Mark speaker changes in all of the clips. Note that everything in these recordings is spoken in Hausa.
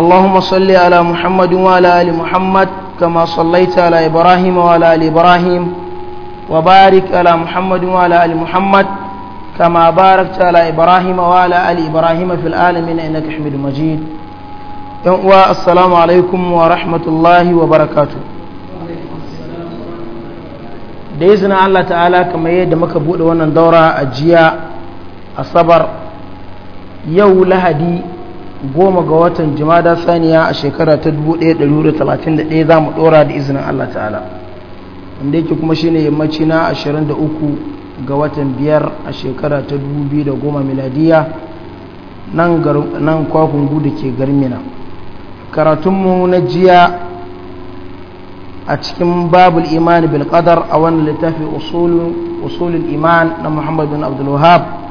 Speaker 1: اللهم صل على محمد وعلى آل محمد كما صليت على إبراهيم وعلى آل إبراهيم وبارك على محمد وعلى آل محمد كما باركت على إبراهيم وعلى آل إبراهيم في العالمين إنك حميد مجيد السلام عليكم ورحمة الله وبركاته da izinin Allah ta'ala kamar yadda muka buɗe wannan daura a jiya asabar yau lahadi goma ga watan jimada saniya a shekara ta 1131 za mu dora da izinin Allah ta'ala wanda yake kuma shine yammaci na 23 ga watan biyar a shekara ta 2010 miladiya nan kwakwun gudu ke garmina karatunmu na jiya a cikin babul imani bilkadar a wani littafi usulun iman na muhammad bin abdulwahab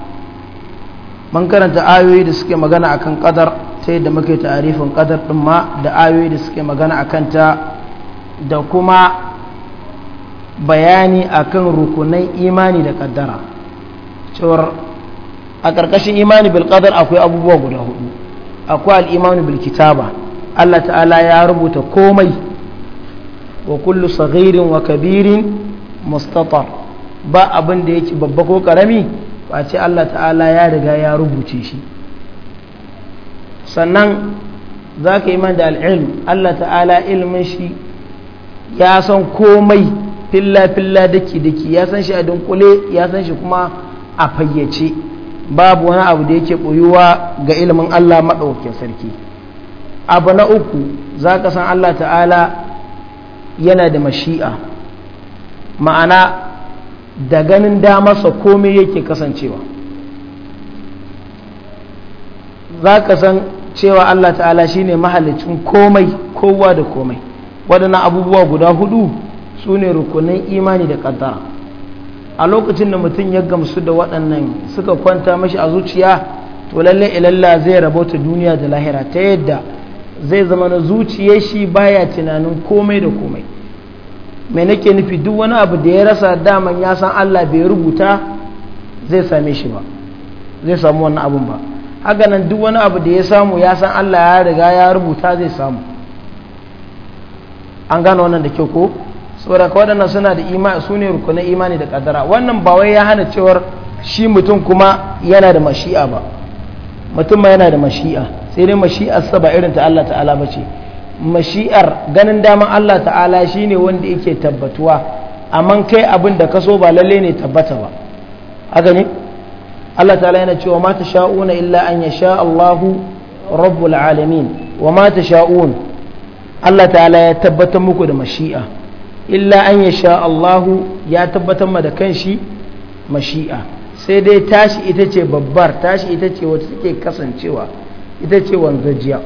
Speaker 1: Mun karanta ayoyi da suke magana akan kadar ta yadda muke tarifin kadar din ma da ayoyi da suke magana akan ta da kuma bayani akan rukunai imani da kaddara cewar a ƙarƙashin imani bil qadar akwai abubuwa guda hudu akwai imani bil kitaba Allah ta'ala ya rubuta komai wa kullu saghirin wa kabirin mustatar ba abin da yake babba ko karami face Allah ta'ala ya riga ya rubuce shi sannan za ka yi da al'ilm Allah ta'ala ilmin shi ya san komai filla-filla daki-daki ya san shi a dunkule ya san shi kuma a fayyace babu wani abu da yake ɓoyuwa ga ilmin Allah maɗaukin sarki abu na uku za ka san Allah ta'ala yana da mashi'a ma'ana da ganin damarsa komai yake kasancewa za ka san cewa Allah ta'ala shine mahalicin komai kowa da komai waɗannan abubuwa guda hudu su ne rukunin imani da ƙaddara a lokacin da mutum ya gamsu da waɗannan suka kwanta mashi a zuciya to lalle ilalla zai ta duniya da lahira ta yadda zai zama na zuciyar shi baya tunanin komai da komai mai nake nufi duk wani abu da ya rasa daman ya san Allah bai rubuta zai same shi ba zai samu wannan abun ba haka duk wani abu da ya samu ya san Allah ya riga ya rubuta zai samu an gano wannan da kyau ko saboda ka waɗannan suna da imani su ne rukunan imani da kadara wannan ba wai ya hana cewar shi mutum kuma yana da mashi'a ba mutum ma yana da mashi'a sai dai mashi'arsa ba irin ta Allah ta'ala ba ce mashi'ar ganin daman Allah ta'ala shine wanda yake tabbatuwa amma kai abin da ka so ba lalle ne tabbata ba haka ne Allah ta'ala yana cewa mata tasha'una illa an yasha Allahu rabbul alamin wa mata tasha'un Allah ta'ala ya tabbatar muku da mashi'a illa an yasha Allahu ya tabbatar ma da kanshi mashi'a sai dai tashi ita ce babbar tashi ita ce wacce take kasancewa ita ce wanzajiya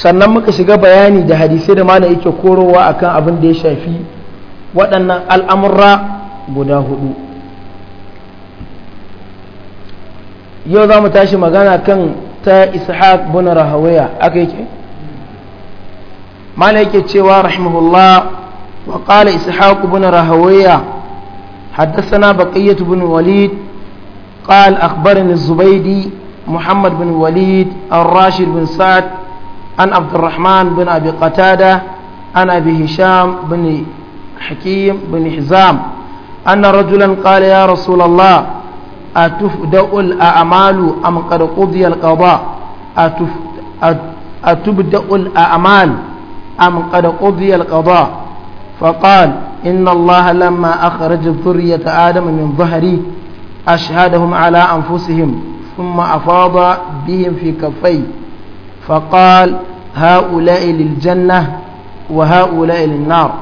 Speaker 1: sannan muka shiga bayani da hadisai da mana yake korowa akan abin da ya shafi waɗannan al'amurra guda hudu yau za mu tashi magana kan ta ishaq bin rahawaya aka yake mana yake cewa rahimahullah wa qala ishaq bin rahawaya حدثنا بقية بن وليد قال zubaidi muhammad bin بن وليد rashid bin sa'ad. عن عبد الرحمن بن أبي قتادة عن أبي هشام بن حكيم بن حزام أن رجلا قال يا رسول الله أتفدأ الأعمال أم قد قضي القضاء أتف أتبدأ الأعمال أم قد قضي القضاء فقال إن الله لما أخرج ذرية آدم من ظهري أشهدهم على أنفسهم ثم أفاض بهم في كفيه فقال هؤلاء للجنة وهؤلاء للنار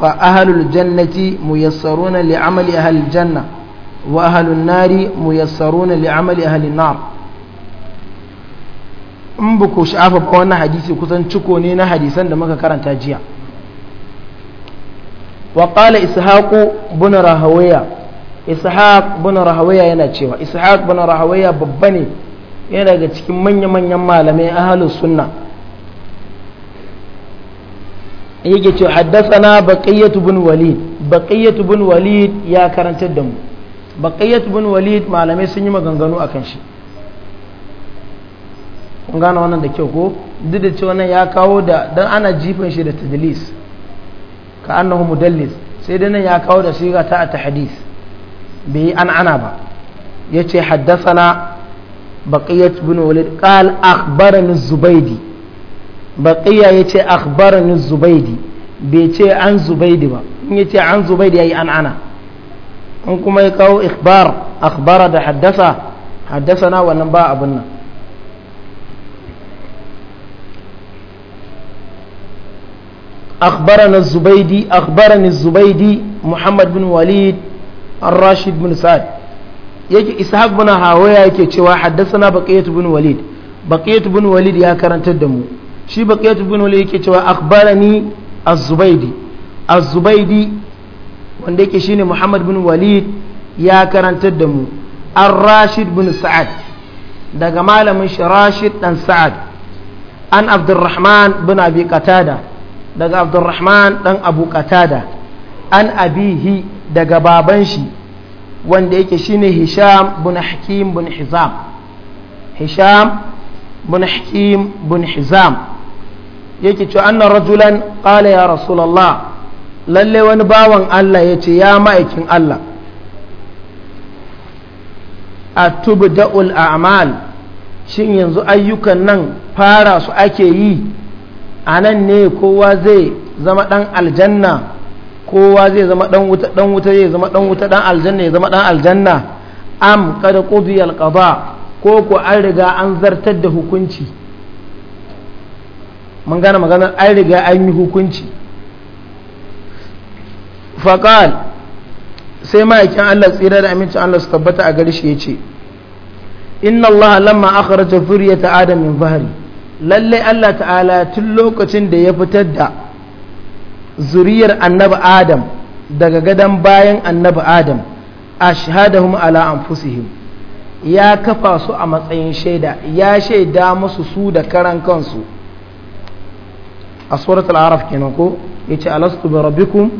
Speaker 1: فأهل الجنة ميسرون لعمل أهل الجنة وأهل النار ميسرون لعمل أهل النار in ba ku sha'afa ba wannan hadisi kusan ciko ne na hadisan da muka karanta jiya wa qala ishaqu bin rahawaya ishaq bin rahawaya yana cewa ishaq bin rahawaya babba ne yana daga cikin manya-manyan malamai ahalus sunna yake ce haddasana baqiyatu bin walid baqiyatu bin walid ya karantar da mu baqiyatu bin walid malamai sun yi maganganu akan shi kun gane wannan da kyau ko duk da cewa nan ya kawo da dan ana jifan shi da tadlis ka annahu mudallis sai dai nan ya kawo da shiga ta ta hadis bai an ana ba yace haddasana بقية بن وليد قال أخبرني الزبيدي بقية يتي أخبرني الزبيدي بيتي عن زبيدي با يتي عن زبيدي أي عن أنا أنكم يكو إخبار أخبار ده حدثة حدثنا ونباء أبنا أخبرنا الزبيدي أخبرني الزبيدي محمد بن وليد الراشد بن سعد yake ishaq bin hawaya yake cewa haddathana baqiyat bin walid baqiyat bin walid ya karantar da mu shi baqiyat bin walid yake cewa akhbarani az-zubaydi az-zubaydi wanda yake shine muhammad bin walid ya karantar da mu ar-rashid bin sa'ad daga malamin shi rashid dan sa'ad an abdurrahman bin abi qatada daga abdurrahman dan abu qatada an abihi daga baban shi wanda yake shine hisham bin hakim bin hizam hisham bin hakim bin hizam yake cewa annan rajulan qala ya rasulullah lalle wani bawan Allah ya ce ya ma'aikin Allah a tubda'ul a'mal shin yanzu ayyukan nan fara su ake yi a nan ne kowa zai zama ɗan aljanna kowa zai zama dan wuta dan wuta zai zama dan wuta dan aljanna ya zama dan aljanna am kada qudi alqada ko ko an riga an zartar da hukunci mun gane maganar an riga an yi hukunci faqal sai ma'aikin Allah tsira da amincin Allah su tabbata a gari shi yace inna Allah lamma akhraja zuriyata adam min zahri lalle Allah ta'ala tun lokacin da ya fitar da zuriyar annabi adam daga gadon bayan annabi adam ashhadahum ala anfusihim ya kafa su a matsayin shaida ya shaida musu su da karan kansu a surat al'araf kenan ko ya ce alastu bi rabbikum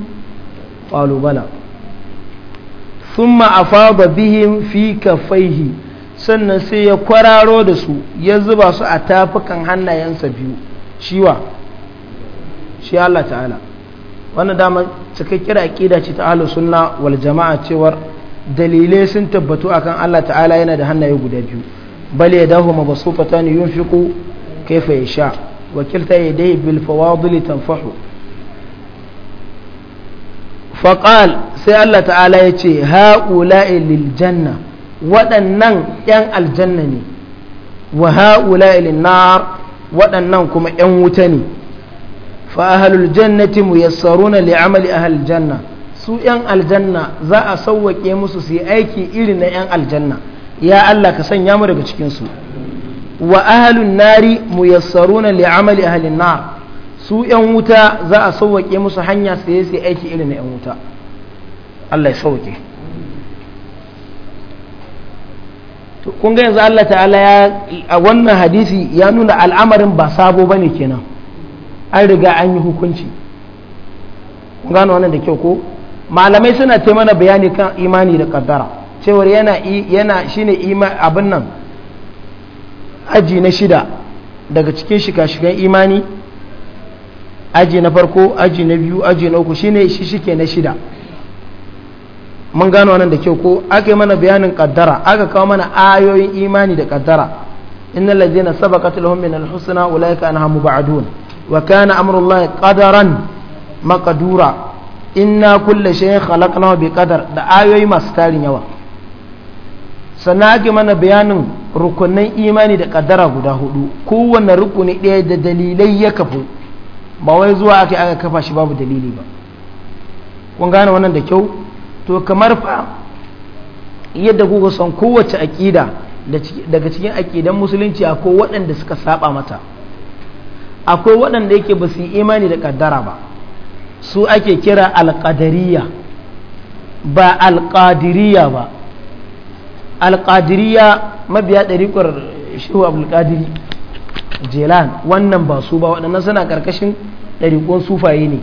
Speaker 1: qalu bala thumma afada bihim fi kaffaihi sannan sai ya kwararo da su ya zuba su a tafukan hannayensa biyu shiwa shi Allah ta'ala wannan dama cikakkiyar aƙida ce ta ahlus sunna wal jama'a cewar dalilai sun tabbatu akan Allah ta'ala yana da hannaye guda biyu bal yadahu mabsutatan yunfiqu kayfa yasha wa kilta yadayhi bil fawadil tanfahu faqal sai Allah ta'ala ya ce ha'ula'i lil janna waɗannan yan aljanna ne wa ha'ula'i lin nar waɗannan kuma yan wuta ne fa ahlul jannati muyassaruna li amali ahlil janna su yan aljanna za a sauwake musu su yi aiki irin na yan aljanna ya Allah ka sanya mu daga cikin su wa ahlun nari muyassaruna li amali ahlin nar su yan wuta za a sauwake musu hanya su yi aiki irin na yan wuta Allah ya sauke kun ga yanzu Allah ta'ala ya a wannan hadisi ya nuna al'amarin ba sabo bane kenan an riga an yi hukunci gano wannan da kyau ko malamai suna ce mana bayani kan imani da kaddara cewar yana yana shine abin nan aji na shida daga cikin shika-shikan imani aji na farko aji na biyu aji na uku shine shi shike na shida mun gano wannan da kyau ko aka yi mana bayanin kaddara aka kawo mana ayoyin imani da kaddara innal ladzina sabaqat lahum min al-husna ulaika anha mubadun وكان أمر الله قدرا مقدورا إنا kulle شيء خلقناه بقدر da ayoyi masu tarin yawa sannan ake mana bayanin rukunin imani da ƙadara guda hudu kowane rukuni ɗaya da dalilai ya kafu ba wai zuwa aka aka kafa shi babu dalili ba kun gane wannan da kyau to kamar fa yadda kuka san kowace aƙida daga cikin aƙidan musulunci akwai waɗanda suka saba mata akwai waɗanda yake ba su yi imani da ƙaddara ba su ake kira alƙadariya ba alƙadiriya ba alƙadiriya mabiya ɗarikwar shehu abulƙadiri jelan wannan ba su ba waɗannan suna ƙarƙashin ɗariƙon sufaye ne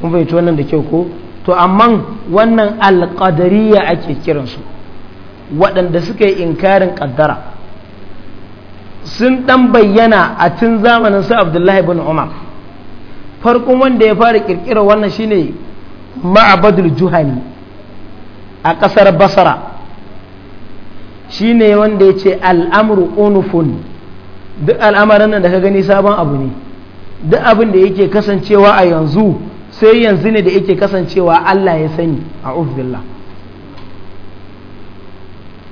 Speaker 1: kun fahimci wannan da kyau ko to amma wannan alƙadariya ake kiransu waɗanda suka yi inkarin ƙaddara sun dan bayyana a tun zamanin su abdullahi bin umar farkon wanda ya fara kirkira wannan shine ma'abadul juhani a ƙasar basara shine wanda ya ce al'amru unufun duk al'amarin nan da ka gani sabon abu ne duk abin da yake kasancewa a yanzu sai yanzu ne da yake kasancewa allah ya sani a ufdillah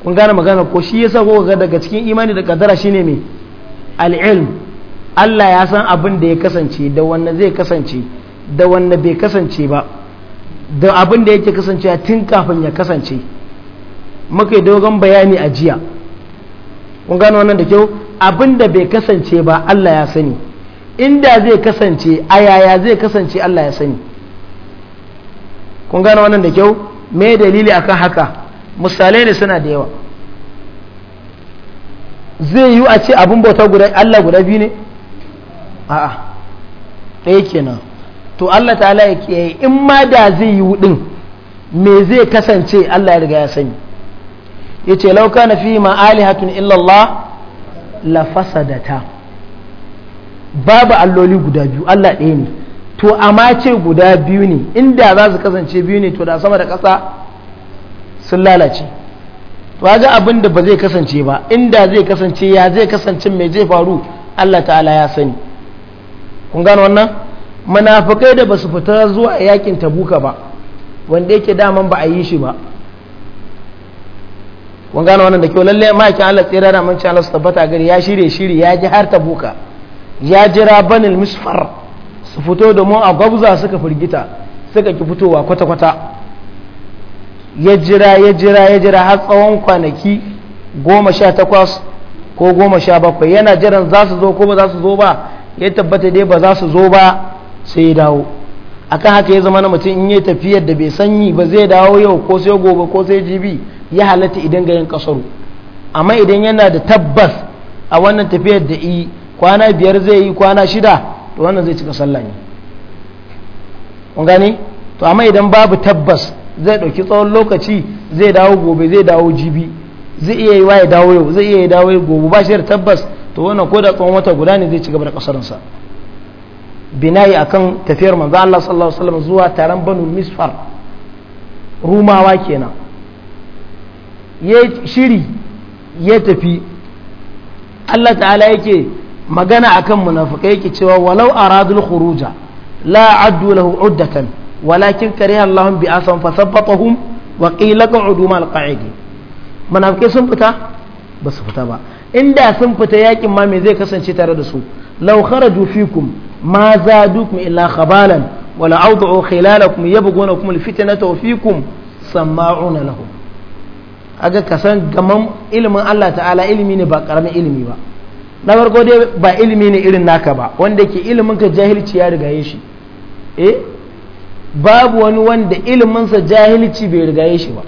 Speaker 1: kun gane magana ko shi yasa ko ga daga cikin imani da kaddara shine me al-ilm Allah ya san abin da ya kasance da wanda zai kasance da wanda bai kasance ba da abin da yake kasancewa tun kafin ya kasance muka yi dogon bayani a jiya kun gane wannan da kyau abin da bai kasance ba Allah ya sani inda zai kasance a yaya zai kasance Allah ya sani kun gane wannan da kyau me dalili akan haka misalai ne suna da yawa zai yi a ce abin bauta guda Allah guda biyu ne a'a ɗaya kenan to Allah ta'ala ya kiyaye in ma da zai yi wudin me zai kasance Allah ya riga ya sani ya ce lauka na fi ma'alihatun illallah la fasadata babu alloli guda biyu Allah ɗaya ne to amma ce guda biyu ne inda za su kasance biyu ne to da sama da ƙasa sun lalace ba abin da ba zai kasance ba inda zai kasance ya zai kasance mai zai faru Allah ta'ala ya sani kun gano wannan munafikai da basu fita zuwa yakin tabuka ba wanda yake daman ba a yi shi ba kun gano wannan da kyau lalle ma'aikin Allah tsira da manci Allah su tabbata gari ya shirye shiri ya ji har tabuka ya jira banil misfar su fito da mu a gwabza suka firgita suka ki fitowa kwata-kwata ya jira ya jira ya jira har tsawon kwanaki goma sha takwas ko goma sha bakwai yana jiran za su zo ko ba za su zo ba ya tabbata dai ba za su zo ba sai ya dawo akan haka ya zama na mutum in yi tafiyar da bai sanyi ba zai dawo yau ko sai gobe ko sai jibi ya halatta idan ga yin kasaru amma idan yana da tabbas a wannan tafiyar da yi kwana biyar zai yi kwana shida to wannan zai cika sallah ne kun gane to amma idan babu tabbas zai ɗauki tsawon lokaci zai dawo gobe zai dawo jibi zai iya yi ya dawo yau zai iya yi dawo gobe ba shi da tabbas to wannan ko da tsawon wata guda ne zai ci gaba da kasarsa. binayi akan tafiyar manzo Allah sallallahu alaihi wasallam zuwa taron banu misfar rumawa kenan ya shiri ya tafi Allah ta'ala yake magana akan munafikai yake cewa walau aradul khuruja la addu lahu uddatan walakin kariha Allahum bi asan fasabbatahum wa qila qa'udu ma'al qa'idi sun fita ba su fita ba inda sun fita yakin ma me zai kasance tare da su laukara kharaju fikum ma zadukum illa khabalan wa kuma awdu khilalakum yabghunakum alfitnata wa fikum na lahum aga kasan gaman ilimin Allah ta'ala ilimi ne ba ƙaramin ilimi ba na farko dai ba ilimi ne irin naka ba wanda ke ilimin ka jahilci ya rigaye shi eh babu wani wanda iliminsa jahilci bai rigaye shi ba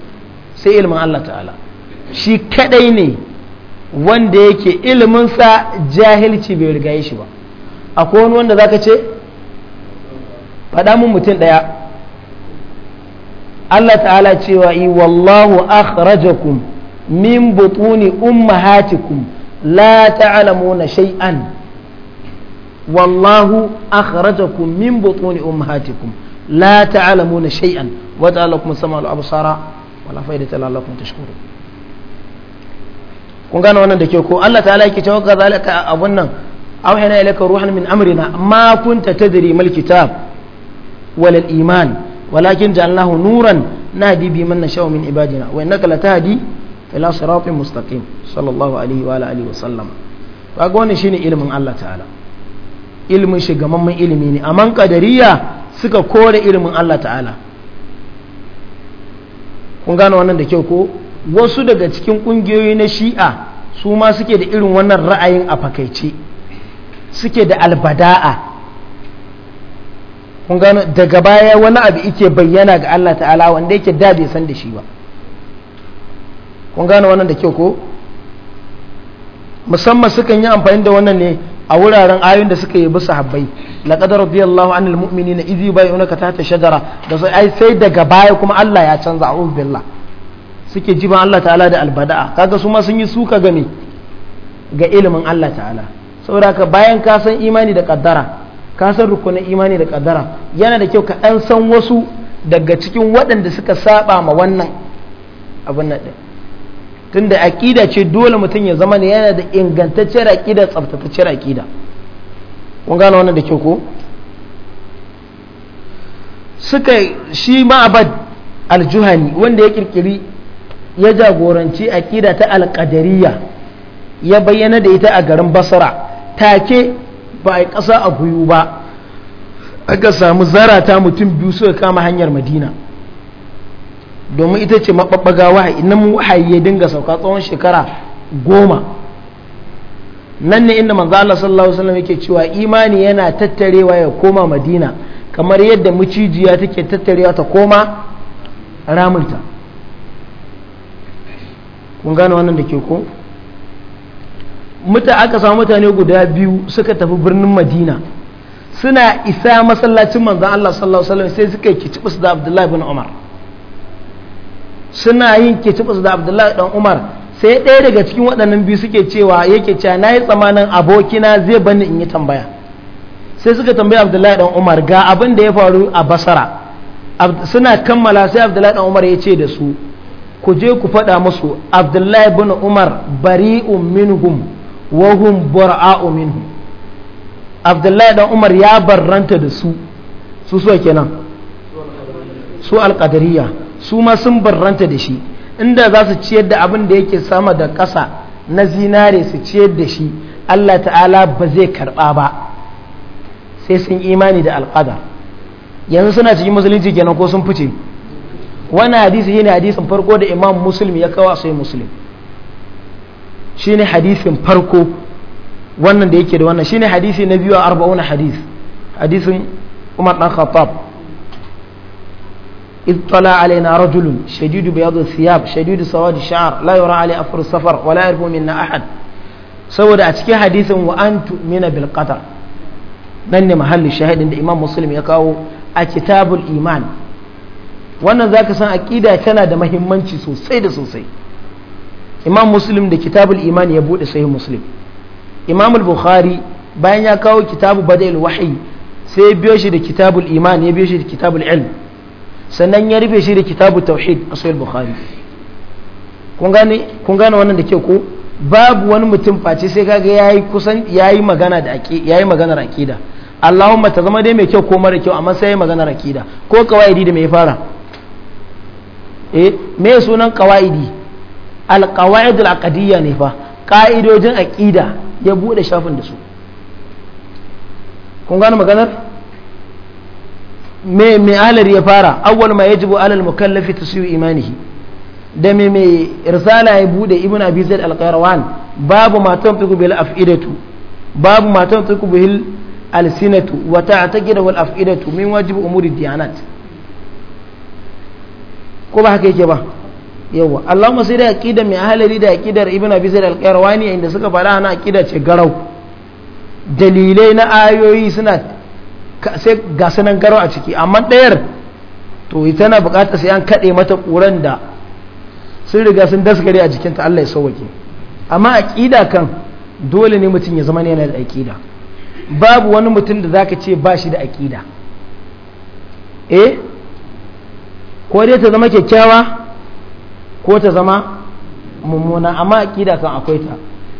Speaker 1: sai ilimin Allah ta'ala shi kadai ne wanda yake iliminsa jahilci bai rigaye shi ba akwai wani wanda zaka ce faɗa mun mutum ɗaya Allah ta'ala cewa yi wallahu akhrajakum min butuni ummahatikum la ta'lamuna shay'an wallahu akhrajakum min butuni ummahatikum la ta'lamuna shay'an wa ta'ala kuma sama al-absara faida faidata la'allakum tashkurun kun gane wannan da ke ko Allah ta'ala yake cewa ka zalika abun nan awhayna ilayka ruhan min amrina ma kunta tadri mal kitab wal iman walakin ja'alnahu nuran nahdi bi man nashau min ibadina wa innaka latahdi ila siratin mustaqim sallallahu alaihi wa alihi wa sallam kaga wannan shine ilimin Allah ta'ala ilimin shigamamman ilimi ne amman kadariya suka kore ilimin Allah ta'ala kun gane wannan da kyau ko wasu daga cikin ƙungiyoyi na shi'a su ma suke da irin wannan ra'ayin a fakaice suke da albada'a kun gano daga baya wani abu ike bayyana ga Allah ta'ala wanda yake da bai san da shi ba kun gano wannan da kyau ko musamman sukan yi amfani da wannan ne a wuraren ayoyin da suka yi bi sahabbai laqad radiyallahu anil mu'minina idh ka tahta shajara da sai ai sai daga baya kuma Allah ya canza a'ud billah suke jiban Allah ta'ala da albada'a kaga su ma sun yi suka ga ga ilimin Allah ta'ala saboda ka bayan ka san imani da kaddara ka san rukunin imani da kaddara yana da kyau ka dan san wasu daga cikin waɗanda suka saba ma wannan abin nan tunda aƙida ce dole mutum ya zama ne yana da ingantacciyar aƙida tsaftatacciyar aƙida kun gane wannan da kyau ko suka shi ma'abad aljuhani wanda ya kirkiri ya jagoranci aƙida ta alƙadariya ya bayyana da ita a garin basra take ba a ƙasa a guyu ba aka samu zarata mutum biyu suka kama hanyar madina domin ita ce maɓaɓɓaga wahayi mu wahayi ya dinga sauka tsawon shekara goma nan ne inda manzo Allah sallallahu alaihi wasallam yake cewa imani yana tattarewa ya koma Madina kamar yadda mucijiya take tattarewa ta koma ramunta kun gane wannan da ke ko muta aka samu mutane guda biyu suka tafi birnin Madina suna isa masallacin manzo Allah sallallahu alaihi wasallam sai suka yi su da Abdullahi bin Umar suna yin kitibus da abdullahi dan umar sai ɗaya daga cikin waɗannan biyu suke cewa yake cewa na yi tsamanin abokina zai bani in yi tambaya sai suka tambaya abdullahi dan umar ga abin da ya faru a basara suna kammala sai abdullahi dan umar ya ce da su ku je ku faɗa musu abdullahi bin umar bari minhum wa hum bura'u minhum abdullahi dan umar ya barranta da su su so kenan su alƙadariya su ma sun barranta da shi inda za su ciyar da abin da yake sama da ƙasa na zinare su ciyar da shi Allah ta'ala ba zai karɓa ba sai sun imani da alƙadar yanzu suna cikin musulunci kenan ko sun fice wani hadisi ne hadisin farko da imam musulmi ya kawo sai musulmi shine hadisin farko wannan da yake da wannan shine hadisi na biyu a arba'una hadis hadisin umar dan khattab إذ طلع علينا رجل شديد بياض الثياب شديد سواد الشعر لا يرى عليه أفر السفر ولا يعرف منا أحد saboda a cikin hadisin wa an tu'mina nan ne mahalli shahidin da imam muslim ya kawo a kitabul iman wannan zaka san aqida tana da mahimmanci sosai da sosai imam muslim da kitabul iman ya buɗe sahih muslim imamul bukhari bayan ya kawo kitabu badal wahyi sai ya biyo shi da kitabul iman ya biyo shi da kitabul ilm sannan ya rufe shi da kitabu tauhid a sahih bukhari kun gane wannan da ke ko babu wani mutum face sai kaga yayi kusan yayi magana da ake yayi maganar akida Allahumma ta zama dai mai kyau ko mara kyau amma sai yayi maganar akida ko kawaidi da mai fara eh me sunan kawaidi al qawaid al ne fa ka'idojin aqida ya bude shafin da su kun gane maganar me me alar ya fara awwal ma yajibu alal mukallafi tasiyu imanihi da me me risala ya bude ibnu abi zaid al qarawan babu ma tanfiqu bil afidatu babu ma tanfiqu bil alsinatu wa ta'taqidu wal afidatu min wajib umuri diyanat ko ba haka yake ba yawa Allahumma sai da aqida mai ahalari da aqidar ibnu abi zaid al qarawani inda suka fara na aqida ce garau dalilai na ayoyi suna sai ga sanan garo a ciki amma ɗayar to tana buƙatar sai an kaɗe mata ƙuran da sun riga sun daskare a jikinta Allah ya sauwake amma aƙida kan dole ne mutum ya zama yana da aƙida babu wani mutum da zaka ce ba shi da aƙida eh ko dai ta zama kyakkyawa ko ta zama mummuna amma aƙida kan akwai ta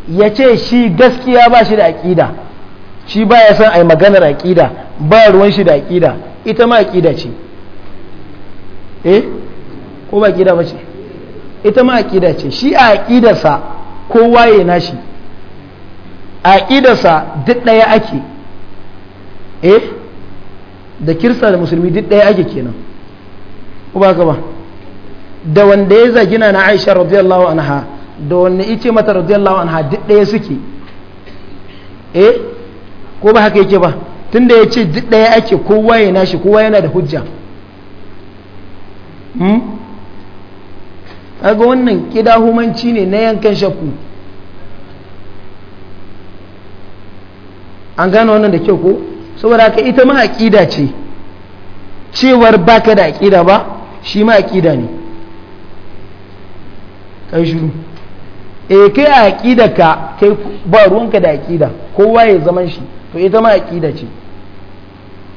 Speaker 1: ya ce shi gaskiya ba shi da aƙida shi ba ya san a yi maganar aƙida ba ruwan shi da aƙida ita ma aƙida ce eh ko ba aƙida ba ce ita ma aƙida ce shi a aƙidarsa kowa ya nashi a aƙidarsa duk ɗaya ake eh da kirsa da musulmi duk ɗaya ake kenan ko ba ka ba da wanda ya zagina na aisha radiyallahu anha da wanda ya ce mata radiyallahu anha duk ɗaya suke eh ko ba haka yake ba tunda ya ce duk daya ake kowa ya nashi kowa yana da hujja hmm? aga wannan kidahumanci ne na yankan shakku an gane wannan da kyau ko saboda haka ita ma aƙida ce cewar baka da aƙida ba shi ma aƙida ne kai shiru e kai a aƙida ka kai ba ruwanka da aƙida kowa ya zaman shi to ita ma aƙida ce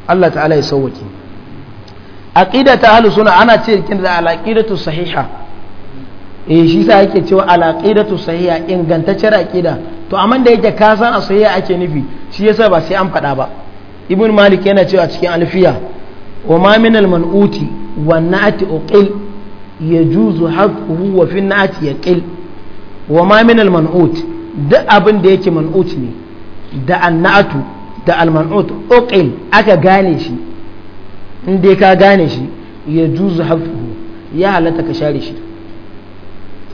Speaker 1: Allah ta'ala ya sauwake aqida ta ahlus sunna ana ce kin da alaqidatu sahiha eh shi sa yake cewa alaqidatu sahiha ingantacciyar aqida to amma da yake ka san a sahiha ake nufi shi yasa ba sai an faɗa ba ibn malik yana cewa cikin alfiya wa ma min al man'uti wa na'ati uqil yajuzu haqquhu wa fi na'ati yaqil wa ma min man'ut duk abin da yake man'ut ne da annatu da alman'ut uqil aka gane shi in dai ka gane shi ya juzu hafuhu ya halatta ka share shi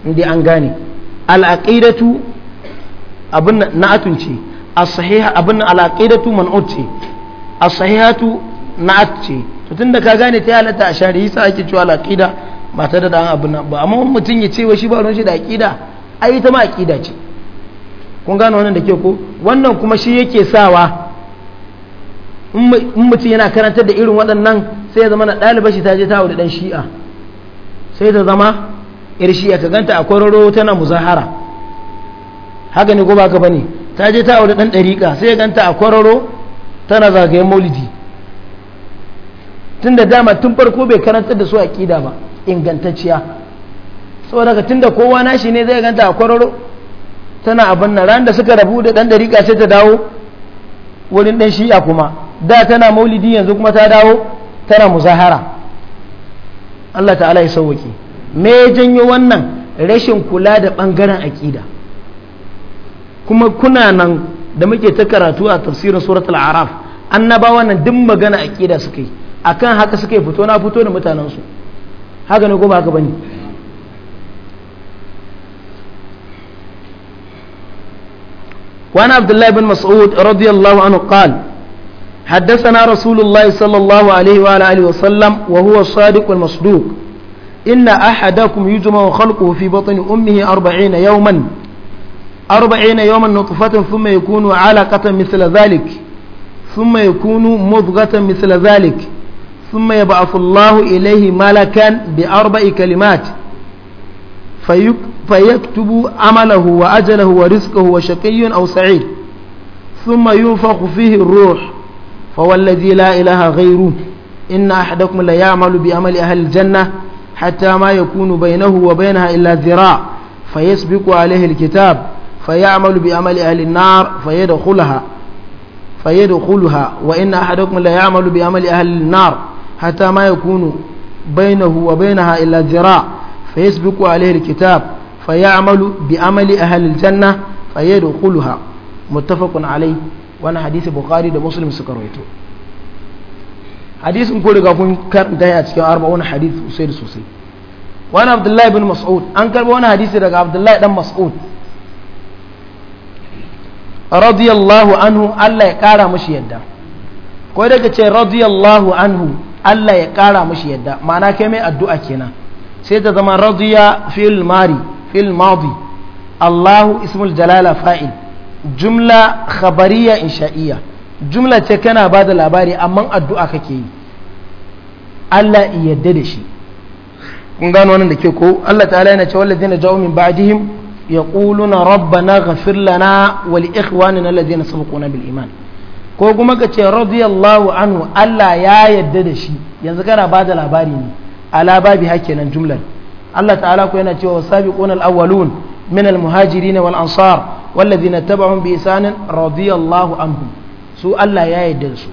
Speaker 1: in dai an gane al'aqidatu abin na'atun ce as-sahiha abin al'aqidatu man'ut ce as-sahihatu na'at ce to tunda ka gane ta halatta a share yasa ake cewa al'aqida ba ta da dan abin ba amma mutum ya ce wa shi ba ruwan shi da aqida ai ita ma aqida ce kun gane wannan da ke ko wannan kuma shi yake sawa in mutum yana karantar da irin waɗannan sai ya zama na ɗalibar shi ta je ta da ɗan shi'a sai ta zama iri shi'a ka ganta a kwararo tana muzahara haka ne ko ba ka bane ta je ta da ɗan ɗariƙa sai ya ganta a kwararo tana zagayen maulidi tun da dama tun farko bai karantar da su a ƙida ba ingantacciya saboda tun da kowa nashi ne zai ganta a kwararo tana abin nan ran da suka rabu da ɗan ɗariƙa sai ta dawo wurin ɗan shi'a kuma da tana maulidi yanzu kuma ta dawo tana muzahara Allah ta'ala ya sauwake me ya janyo wannan rashin kula da ɓangaren aƙida kuma kuna nan da muke ta karatu a tafsirin suratul araf annabawa nan duk magana aƙida suka yi akan haka suka yi fito na fito da mutanensu haka ne ko ba haka bane وعن عبد الله بن مسعود رضي الله عنه قال حدثنا رسول الله صلى الله عليه وعلى آله وسلم وهو الصادق المصدوق إن أحدكم يجمع خلقه في بطن أمه أربعين يوما أربعين يوما نطفة ثم يكون علقة مثل ذلك ثم يكون مضغة مثل ذلك ثم يبعث الله إليه ملكا بأربع كلمات فيكتب عمله وأجله ورزقه وشقي أو سعيد ثم ينفخ فيه الروح فوالذي لا إله غيره إن أحدكم ليعمل بعمل أهل الجنة حتى ما يكون بينه وبينها إلا ذراع فيسبق عليه الكتاب فيعمل بعمل أهل النار فيدخلها فيدخلها وإن أحدكم ليعمل بعمل أهل النار حتى ما يكون بينه وبينها إلا ذراع فيسبق عليه الكتاب فيعمل بعمل أهل الجنة فيدخلها متفق عليه wani hadisi bukhari da muslim suka rawaito hadisin ko daga kun karanta a cikin arba wani hadisi sosai da sosai wani abdullahi bin mas'ud an karba wani hadisi daga abdullahi dan mas'ud radiyallahu anhu Allah ya kara mashi yadda ko daga ce radiyallahu anhu Allah ya kara mashi yadda ma'ana kai mai addu'a kenan sai ta zama radiya fil mari fil madi Allahu ismul jalala fa'il jumla khabariya insha'iyya jumla ce kana ba da labari amma addu'a kake yi Allah ya da shi kun gano wannan da ke ko Allah ta'ala yana cewa allazina ja'u min ba'dihim yaquluna rabbana ghafir lana wa li ikhwanina na sabaquna bil iman ko kuma ka ce radiyallahu anhu Allah ya yarda da shi yanzu kana ba da labari ne ala babi hakenan jumlar Allah ta'ala ko yana cewa sabiquna al-awwalun من المهاجرين والأنصار والذين تبعهم بإحسان رضي الله عنهم سوء الله يا يدرس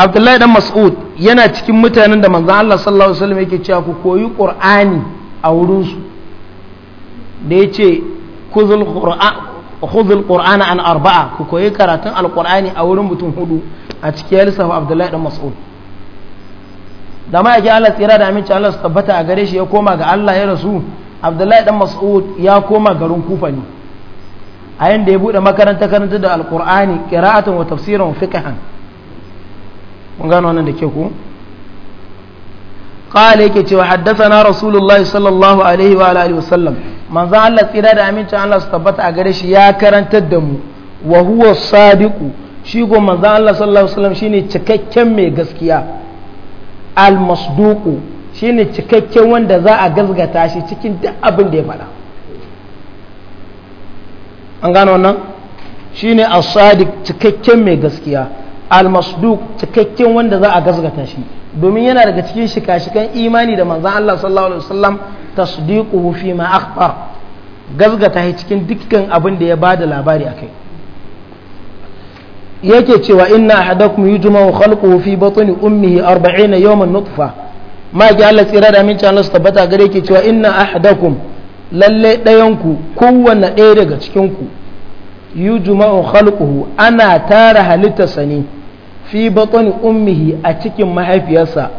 Speaker 1: عبد الله بن مسعود yana cikin mutanen da manzon Allah sallallahu alaihi wasallam yake cewa ku koyi Qur'ani a wurin su da yace khuzul Qur'an khuzul Qur'ana an arba'a ku koyi karatun Al-Qur'ani a wurin mutum hudu a cikin lissafa Abdullahi dan Mas'ud da ma yake Allah tsira da aminci Allah su tabbata a gare shi ya koma ga Allah ya rasu Abdullahi dan Mas'ud ya koma garin Kufa ne a yanda ya bude makaranta karanta da Alqur'ani qira'atan wa tafsiran wa fiqhan kun gano wannan da ke ku قال yake cewa haddathana rasulullahi sallallahu alaihi wa alihi wasallam manzon tsira da aminci Allah su tabbata a gare ya karantar da mu wa huwa sadiqu shi go manzon Allah sallallahu shine cikakken mai gaskiya al-masduku shine cikakken wanda za a gazgata shi cikin duk abin da ya faɗa an gano wannan shine as-sadiq cikakken mai gaskiya al-masduq cikakken wanda za a gazgata shi domin yana daga cikin shika-shikan imani da manzan Allah sallallahu alaihi wasallam tasdiquhu fi ma akhbar gazgata shi cikin dukkan abin da ya bada labari akai yake cewa inna ahadakum yujma'u khalquhu fi batni ummihi 40 yawman nutfa ma ki Allah tsira da minci Allah su tabbata gare yake cewa inna ahadakum lalle dayan ku kowanne ɗaya daga cikin ku yujma'u khalquhu ana tara halitta sani fi batni ummihi a cikin mahaifiyarsa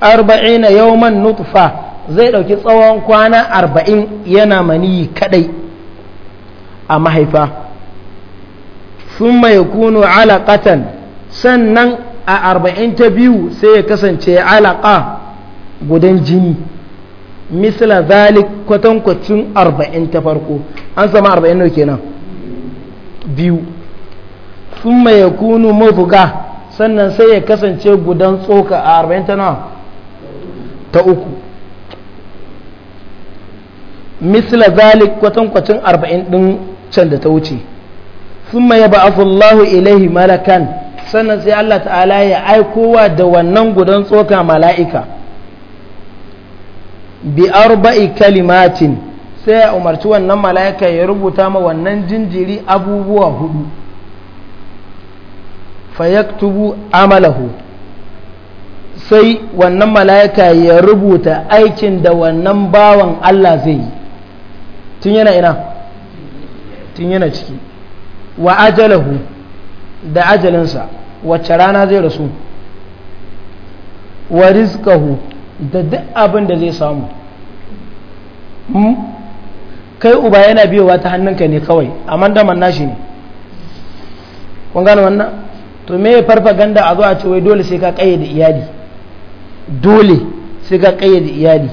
Speaker 1: 40 yawman nutfa zai dauki tsawon kwana 40 yana maniyi kadai a mahaifa sun mai kunu alaƙatan sannan a arba'in ta biyu sai ya kasance alaƙa gudan jini misla zalik kwatankwacin arba'in ta farko an sama arba'in nau kenan biyu sun mai kunu mazuga sannan sai ya kasance gudan tsoka a arba'in ta nawa ta uku misla zalik kwatankwacin arba'in ɗin can da ta wuce thumma yab'athu Allahu ilaihi malakan sannan sai Allah ta'ala ya aikowa da wannan gudan tsoka mala'ika bi arba'i kalimatin sai ya umarci wannan mala'ika ya rubuta ma wannan jinjiri abubuwa hudu fayaktubu amalahu sai wannan mala'ika ya rubuta aikin da wannan bawan Allah zai yi tun yana ina tun yana ciki wa ajalahu da ajalinsa wacce rana zai rasu wa rizkahu da duk abin da zai samu hmm? kai uba yana biyowa ta hannunka ne kawai amma daman nashi ne kun gane wannan to me farfaganda a zo a ce wai dole sai ka kayyade iyali dole sai ka kayyade iyali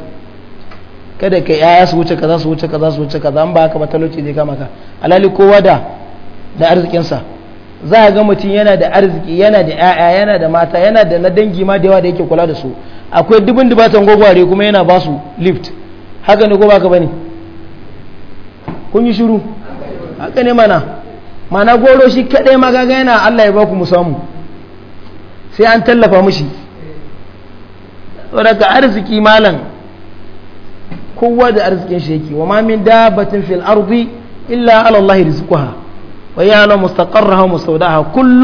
Speaker 1: kada ka yaya su wuce kaza su wuce kaza su wuce kaza an ba haka ba talauci zai kama ka alali kowa da da arzikinsa za a ga mutum yana da arziki yana da 'ya'ya yana da mata yana da na dangi ma da yawa da yake kula da su akwai dubin dubatan gwagware kuma yana ba su lift haka ne ko baka bane kun yi shiru haka ne mana mana goro shi kadai magaga yana Allah ya baku mu samu sai an tallafa mushi saboda arziki malam kowa da arzikin shi yake wa ma min dabatin fil ardi illa ala allahi rizquha ويعلم مستقرها ومستودعها كل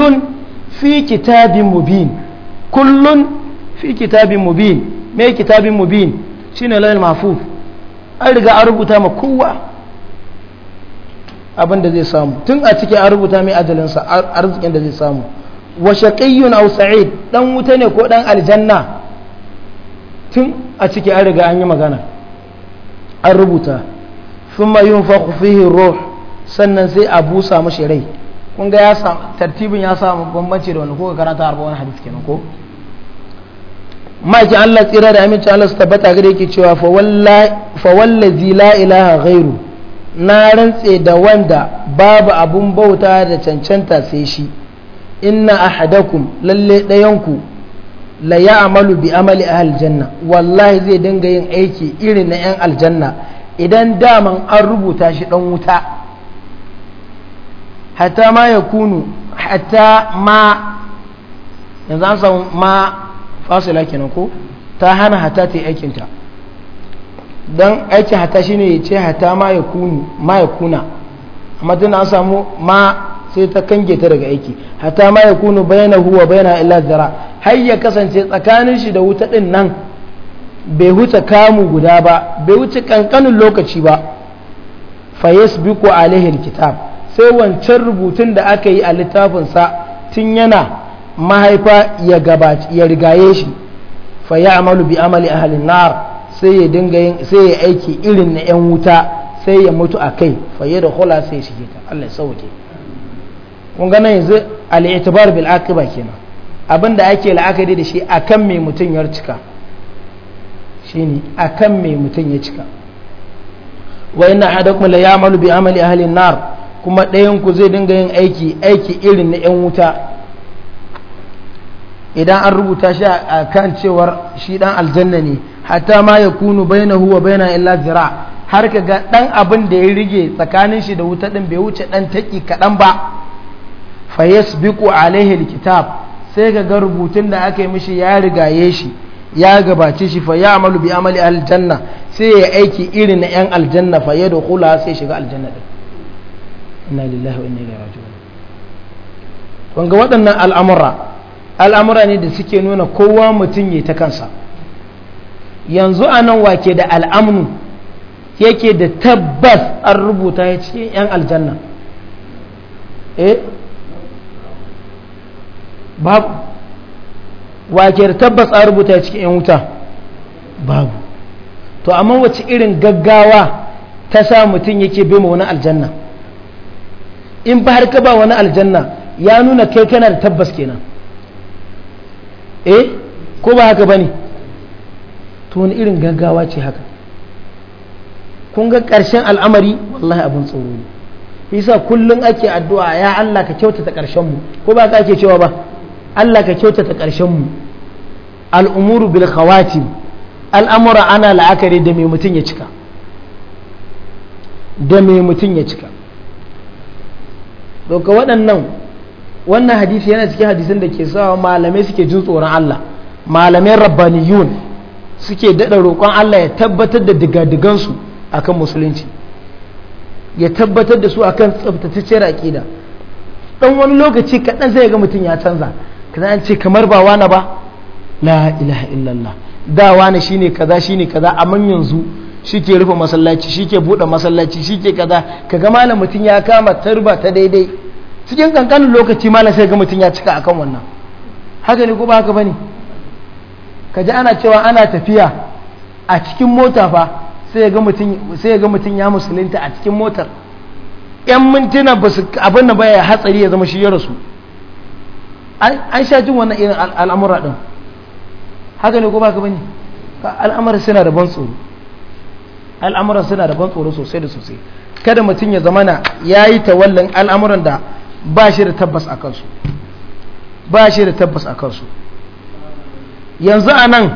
Speaker 1: في كتاب مبين كل في كتاب مبين ما كتاب مبين شنو لون المعفوف أرجع ma مكوة abin da zai samu tun a cikin an rubuta mai ajalinsa arzikin da zai samu wa shaqiyyun aw sa'id dan wuta ne ko dan aljanna tun a cikin an riga an yi magana an rubuta thumma yunfakhu fihi ruh sannan sai a busa mashi rai kun ya samu tartibin ya samu bambanci da wani ko karanta arba wani hadis kenan ko maki Allah tsira da amince Allah su tabbata gare yake cewa fa wallazi la ilaha ghairu na rantse da wanda babu abun bauta da cancanta sai shi inna ahadakum lalle ɗayanku la ya'malu bi amali a aljanna wallahi zai dinga yin aiki irin na yan aljanna idan daman an rubuta shi dan wuta hatta ma ya kunu hatta ma yanzu an samu ma fasila kenan ko ta hana hata ta yi aikinta don aiki hata shi ne ce hatta ma ya kunu ma ya kuna amma tun an samu ma sai ta kange ta daga aiki hatta ma ya kunu bayana huwa bayana illa zara har ya kasance tsakanin shi da wuta din nan bai huce kamu guda ba bai wuce kankanin lokaci ba fa yasbiqu alaihi alkitab sai wancan rubutun da aka yi a littafinsa tun yana mahaifa ya gabaci ya rigaye shi fa ya amalu bi amali ahalin nar sai ya dinga yin sai ya aiki irin na yan wuta sai ya mutu a kai fa ya da hula sai shi ta Allah ya sauke kun ga nan yanzu al-i'tibar bil aqiba kenan abinda ake la'akari da shi akan mai mutun ya cika shine akan mai mutun ya cika wa inna hadakum la ya'malu bi amali ahalin nar kuma ɗayanku zai dinga yin aiki aiki irin na 'yan wuta idan an rubuta shi a kan cewar shi ɗan aljanna ne hatta ma ya kunu baina huwa baina illa zira har ka ga ɗan abin da ya rige tsakanin shi da wuta ɗin bai wuce ɗan taƙi kaɗan ba fa yasbiqu alaihi kitab sai ka ga rubutun da aka yi mishi ya rigaye shi ya gabace shi fa ya amalu bi amali aljanna sai ya aiki irin na 'yan aljanna fa ya sai shiga aljanna ɗin inna lillahi wa inna ilaihi raji'un kun waɗannan al'amura al'amura ne da suke nuna kowa mutum ya ta kansa yanzu a nan wake da al'amnu yake da tabbas an rubuta ya cikin 'yan aljanna eh babu wake da tabbas an rubuta ya cikin 'yan wuta babu to amma wace irin gaggawa ta sa mutum yake bima wani aljanna in ba har ka ba wani aljanna ya nuna kai kana da tabbas kenan eh ko ba haka bane to wani irin gaggawa ce haka kun ga ƙarshen al'amari wallahi abin tsoro ne yasa kullum ake addu'a ya Allah ka kyautata ƙarshen mu ko ba ka ake cewa ba Allah ka kyautata ƙarshen mu al'umuru bil khawatim al'amura ana la'akari da mai mutun ya cika da mai mutum ya cika doka waɗannan wannan hadisi yana cikin hadisin da ke sawa malamai suke jin tsoron Allah malamai rabbaniyun suke daɗa roƙon Allah ya tabbatar da digadigansu akan musulunci ya tabbatar da su akan tsabtatacciyar aƙida Ɗan wani lokaci kaɗan zai ga mutum ya canza kaza an ce kamar ba wani ba la ilaha illallah da wani shine kaza shine kaza amma yanzu shi ke rufe masallaci shi ke bude masallaci shi ke kaza ka ga malam mutum ya kama tarba ta daidai cikin kankanin lokaci malam sai ga mutum ya cika akan wannan haka ne ko ba haka bane ka ji ana cewa ana tafiya a cikin mota fa sai ga mutum sai ga mutum ya musulunta a cikin motar yan mintuna ba su abin da baya hatsari ya zama shi ya rasu an sha jin wannan irin al'amura din haka ne ko ba haka bane al'amura suna da ban tsoro al'amuran suna da ban tsoro sosai da sosai kada mutum ya zamana ya yi tawallin al'amuran da ba shi da tabbas a kansu ba shi da tabbas a kansu yanzu a nan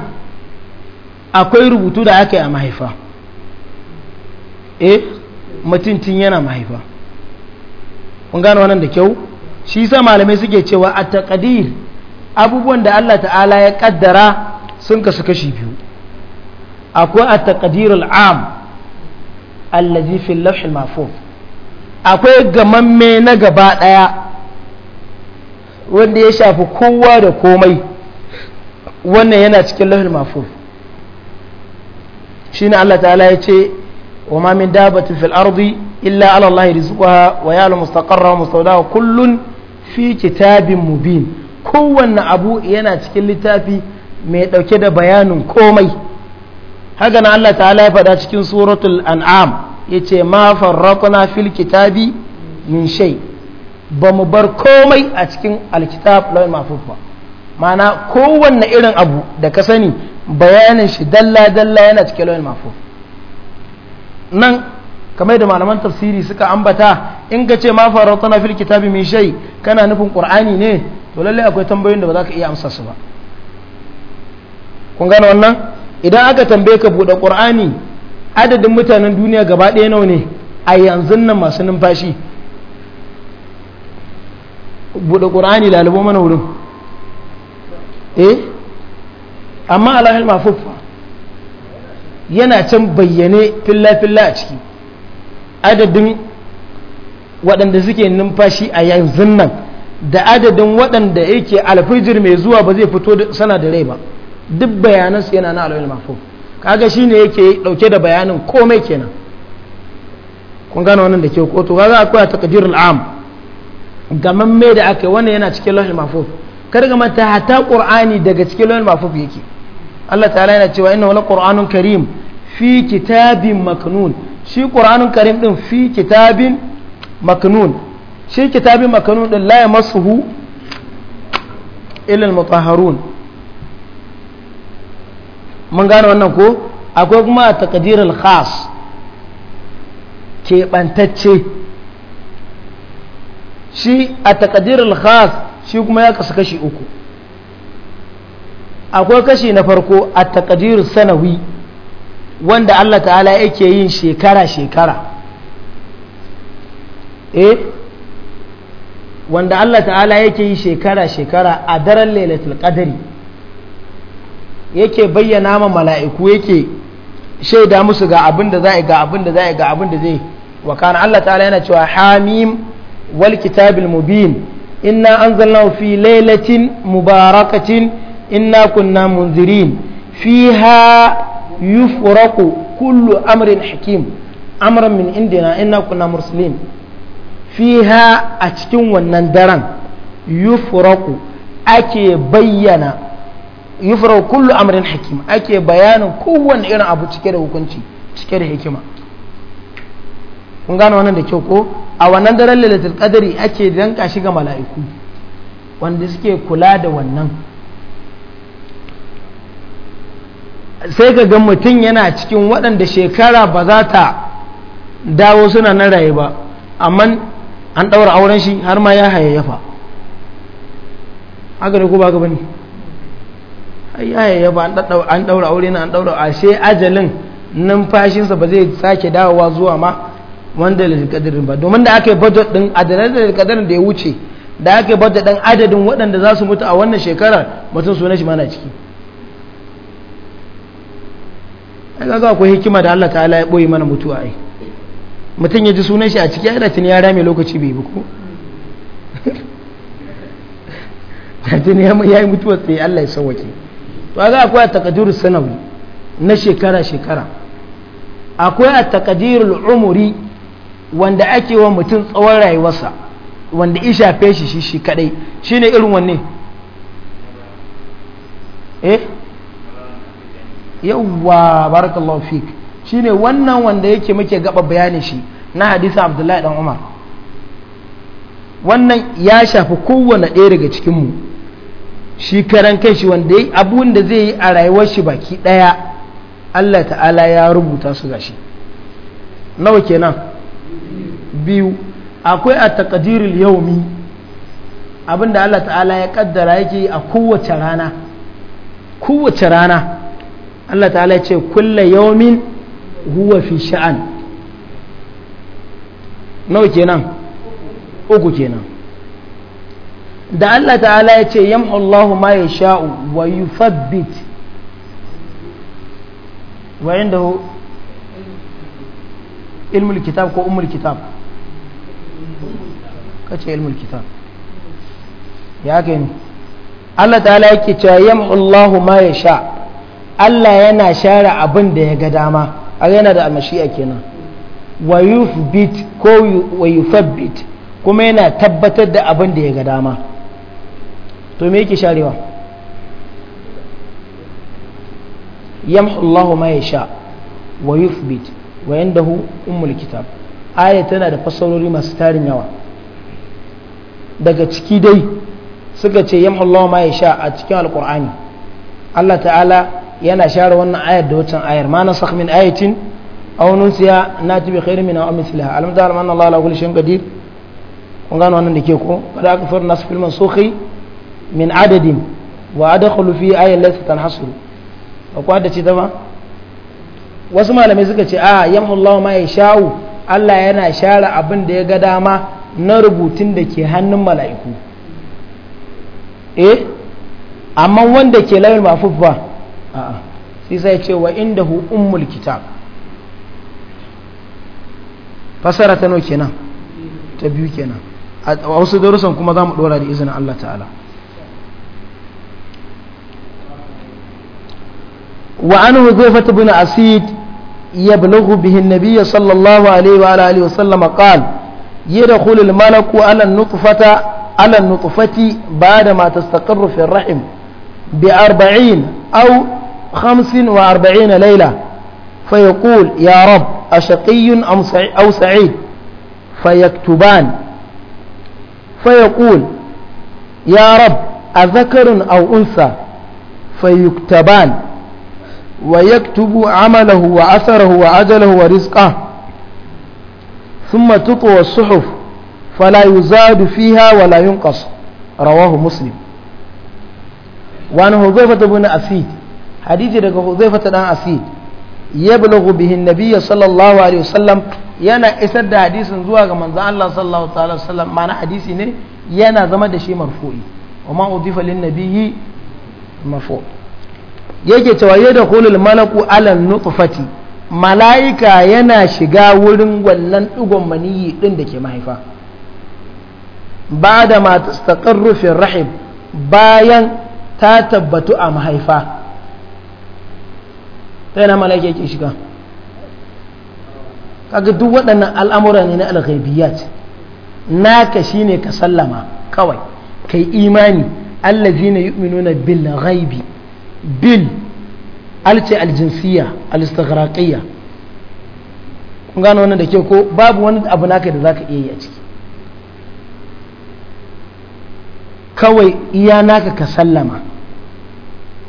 Speaker 1: akwai rubutu da aka yi a mahaifa eh mutum tun yana mahaifa kun gano wannan da kyau shi sa malamai suke cewa a taƙadir abubuwan da Allah ta'ala ya ƙaddara sun kasu kashi biyu akwai a taqdirul am allazi fil lawh akwai gamamme na gaba ɗaya wanda ya shafi kowa da komai wannan yana cikin lawh al mahfuz Allah ta'ala ya ce wa ma dabatin fil illa ala Allah rizquha wa ya'lamu mustaqarra wa kullun fi kitabin mubin kowanne abu yana cikin littafi mai ɗauke da bayanin komai haka na Allah ta'ala ya faɗa cikin suratul an'am yace ma farraquna fil kitabi min shay ba mu bar komai a cikin alkitab lawal mahfuz ba mana kowanne irin abu da ka sani bayanin shi dalla dalla yana cikin lawal mahfuz nan kamar da malaman tafsiri suka ambata in ka ce ma farraquna fil kitabi min shay kana nufin qur'ani ne to lalle akwai tambayoyin da ba za ka iya amsa su ba kun gane wannan idan aka tambaye ka buɗe ƙur'ani adadin mutanen duniya gaba ɗaya nawa ne a yanzu nan masu numfashi buɗe ƙur'ani lalubo mana wurin eh amma alahil mafuffa yana can bayyane filla-filla a ciki adadin waɗanda suke numfashi a yanzu nan da adadin waɗanda yake alfijir mai zuwa ba zai fito sana da rai ba duk bayanan su yana na alawil mahfuz kaga ne yake dauke da bayanin komai kenan kun gane wannan da ke ko to kaga akwai taqdirul al'am gaman me da aka yi wannan yana cikin lauhul mahfuz kar ga manta hata qur'ani daga cikin lauhul mahfuz yake Allah ta'ala yana cewa wani laqur'anun karim fi kitabin maknun shi qur'anun karim din fi kitabin maknun shi kitabin maknun din la yamassuhu illa al mun gane wannan ko akwai kuma a takadirar khas keɓantacce shi a takadirar khas shi kuma ya kasu kashi uku akwai kashi na farko a takadirar sanawi wanda Allah ta'ala yake yin shekara-shekara eh wanda Allah ta'ala yake yi shekara-shekara a daren lailatul qadari yake bayyana ma mala'iku yake shaida musu ga abin da za ga abin da za ga abin da zai wakana Allah ta'ala yana cewa hamim wal kitabil mubin inna anzalnahu fi lailatin mubarakatin inna kunna munzirin fiha yufraqu kullu amrin hakim amran min indina inna kunna mursalin fiha a cikin wannan daren yufraqu ake bayyana yufra kullu amrin hakim ake bayanin kowanne irin abu cike da hukunci cike da hikima kun gano wannan da kyau ko a wannan daren lailatul qadari ake danka shi ga mala'iku wanda suke kula da wannan sai ka ga mutum yana cikin waɗanda shekara ba za ta dawo suna na raye ba amma an ɗaura auren shi har ma ya hayayyafa haka da ku ba ka bane ai ya ba an daura aure na an daura ashe ajalin numfashinsa ba zai sake dawowa zuwa ma wanda lalkadirin ba domin da aka yi budget din adadin lalkadirin da ya wuce da aka yi budget din adadin waɗanda za su mutu a wannan shekarar mutum sunan shi mana ciki ai ga akwai hikima da Allah ta'ala ya boye mana mutuwa ai mutum ya ji sunan shi a ciki ai da tuni ya rame lokaci bai bi ko da tuni ya yi mutuwa sai Allah ya sauke to ga akwai takadiru sanawi na shekara shekara akwai a takadirul umuri wanda ake wa mutum tsawon rayuwarsa wanda in shafe shi shi shi kadai ne irin wanne eh yawwa barakallahu fik ne wannan wanda yake muke gaba bayani shi na hadisa abdullahi dan umar wannan ya shafi kowane ɗaya daga cikinmu shi karan kai shi wanda ya abun da zai yi a rayuwar shi baki ɗaya Allah ta'ala ya rubuta su gashi nawa kenan biyu akwai a yau yaumi abinda Allah ta'ala ya kaddara yake a kowace rana kowace rana Allah ta'ala ya ce kulla yaumin huwa fi sha'an nawa kenan uku kenan da Allah ta'ala ya ce yam Allahu ma ya sha'u wa fabbit wa indahu ilmul kitab ko umul kitab kace ilmul kitab ya gani Allah ta'ala ya ce yam Allahu ma ya sha Allah yana share abin da ya ga dama a yana da almashi'a kenan wa yufbit ko wa yufabbit kuma yana tabbatar da abin da ya ga dama to me yake sharewa yamhu Allah ma yasha wa yuthbit wa indahu ummul kitab aya tana da fassarori masu tarin yawa daga ciki dai suka ce yamhu Allah ma yasha a cikin alqur'ani Allah ta'ala yana share wannan ayar da waccan ayar ma nasakh min ayatin aw nunsiha nati bi khairin min aw mithlaha alam ta'lam anna Allah ala kulli shay'in qadir kun gano wannan da ke ko kada aka fara nasu filman sokhi min adadin wa adkhulu fi ayatin laysa tanhasul akwai da ce ta ba wasu malamai suka ce a yamhu Allah ma ya sha'u Allah yana share abin da ya ga dama na rubutun da ke hannun mala'iku eh amma wanda ke lawil mafuf ba a'a sai sai ce wa indahu ummul kitab fasara ta nawa kenan ta biyu kenan a wasu darussan kuma za mu dora da izinin Allah ta'ala وعن حذيفة بن أسيد يبلغ به النبي صلى الله عليه وعلى آله وسلم قال يدخل الملك على النطفة على النطفة بعدما تستقر في الرحم بأربعين أو خمس وأربعين ليلة فيقول يا رب أشقي أو سعيد فيكتبان فيقول يا رب أذكر أو أنثى فيكتبان ويكتب عمله وأثره وأجله ورزقه ثم تطوى الصحف فلا يزاد فيها ولا ينقص رواه مسلم وعن حذيفة بن أسيد حديث لك حذيفة بن أسيد يبلغ به النبي صلى الله عليه وسلم yana isar da hadisin zuwa ga manzo Allah sallallahu ta'ala sallam ma'ana hadisi ne yana zama da shi marfu'i wa ma udifa lin nabiyyi marfu' yake cewa ya da hulul malaku alan nutfati mala'ika yana shiga wurin wannan ɗigon maniyi ɗin da ke mahaifa ba da matastakarrufin rahim bayan ta tabbatu a mahaifa ta yana mala'ika yake shiga kaga duk waɗannan al'amura ne na alghaibiyat naka shine ka sallama kawai kai imani allazina yu'minuna bil ghaibi bil alce aljinsiya alistaghraqiya kun gano wannan da ke ko babu wani abu naka da zaka iya yi a ciki kawai iya naka ka sallama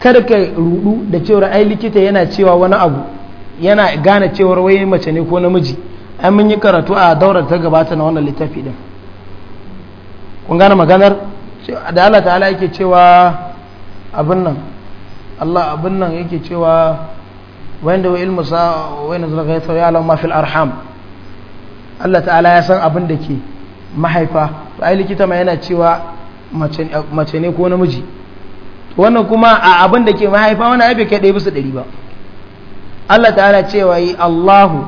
Speaker 1: kada ka rudu da cewar ai likita yana cewa wani abu yana gane cewar wai mace ne ko namiji an mun yi karatu a daurar ta gabata na wannan littafi din kun gane maganar da Allah ta'ala yake cewa abin nan Allah abin nan yake cewa wanda wa ilmu sa wani zurga ya ya lamma fil arham Allah ta'ala ya san abin da ke mahaifa to ai likita ma yana cewa mace ne ko namiji wannan kuma a abin da ke mahaifa wani ai bai kai ɗaya bisa ɗari ba Allah ta'ala cewa yi Allahu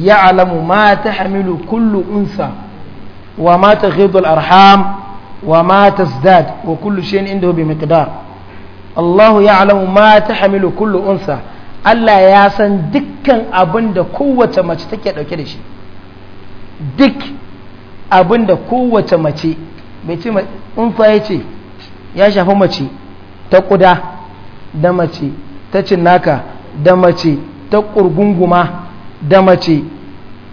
Speaker 1: ya alamu ma ta hamilu kullu unsa wa ma ta arham wa ma ta wa kullu shayin inda bi miqdar Allahu alamu ma ta hamilu kullu unsa Allah ya san dukkan abin da kowace mace take dauke da shi duk abin da kowace mace bai ce unsa ya ce ya shafi mace ta kuda da mace ta cinnaka da mace ta kurgunguma da mace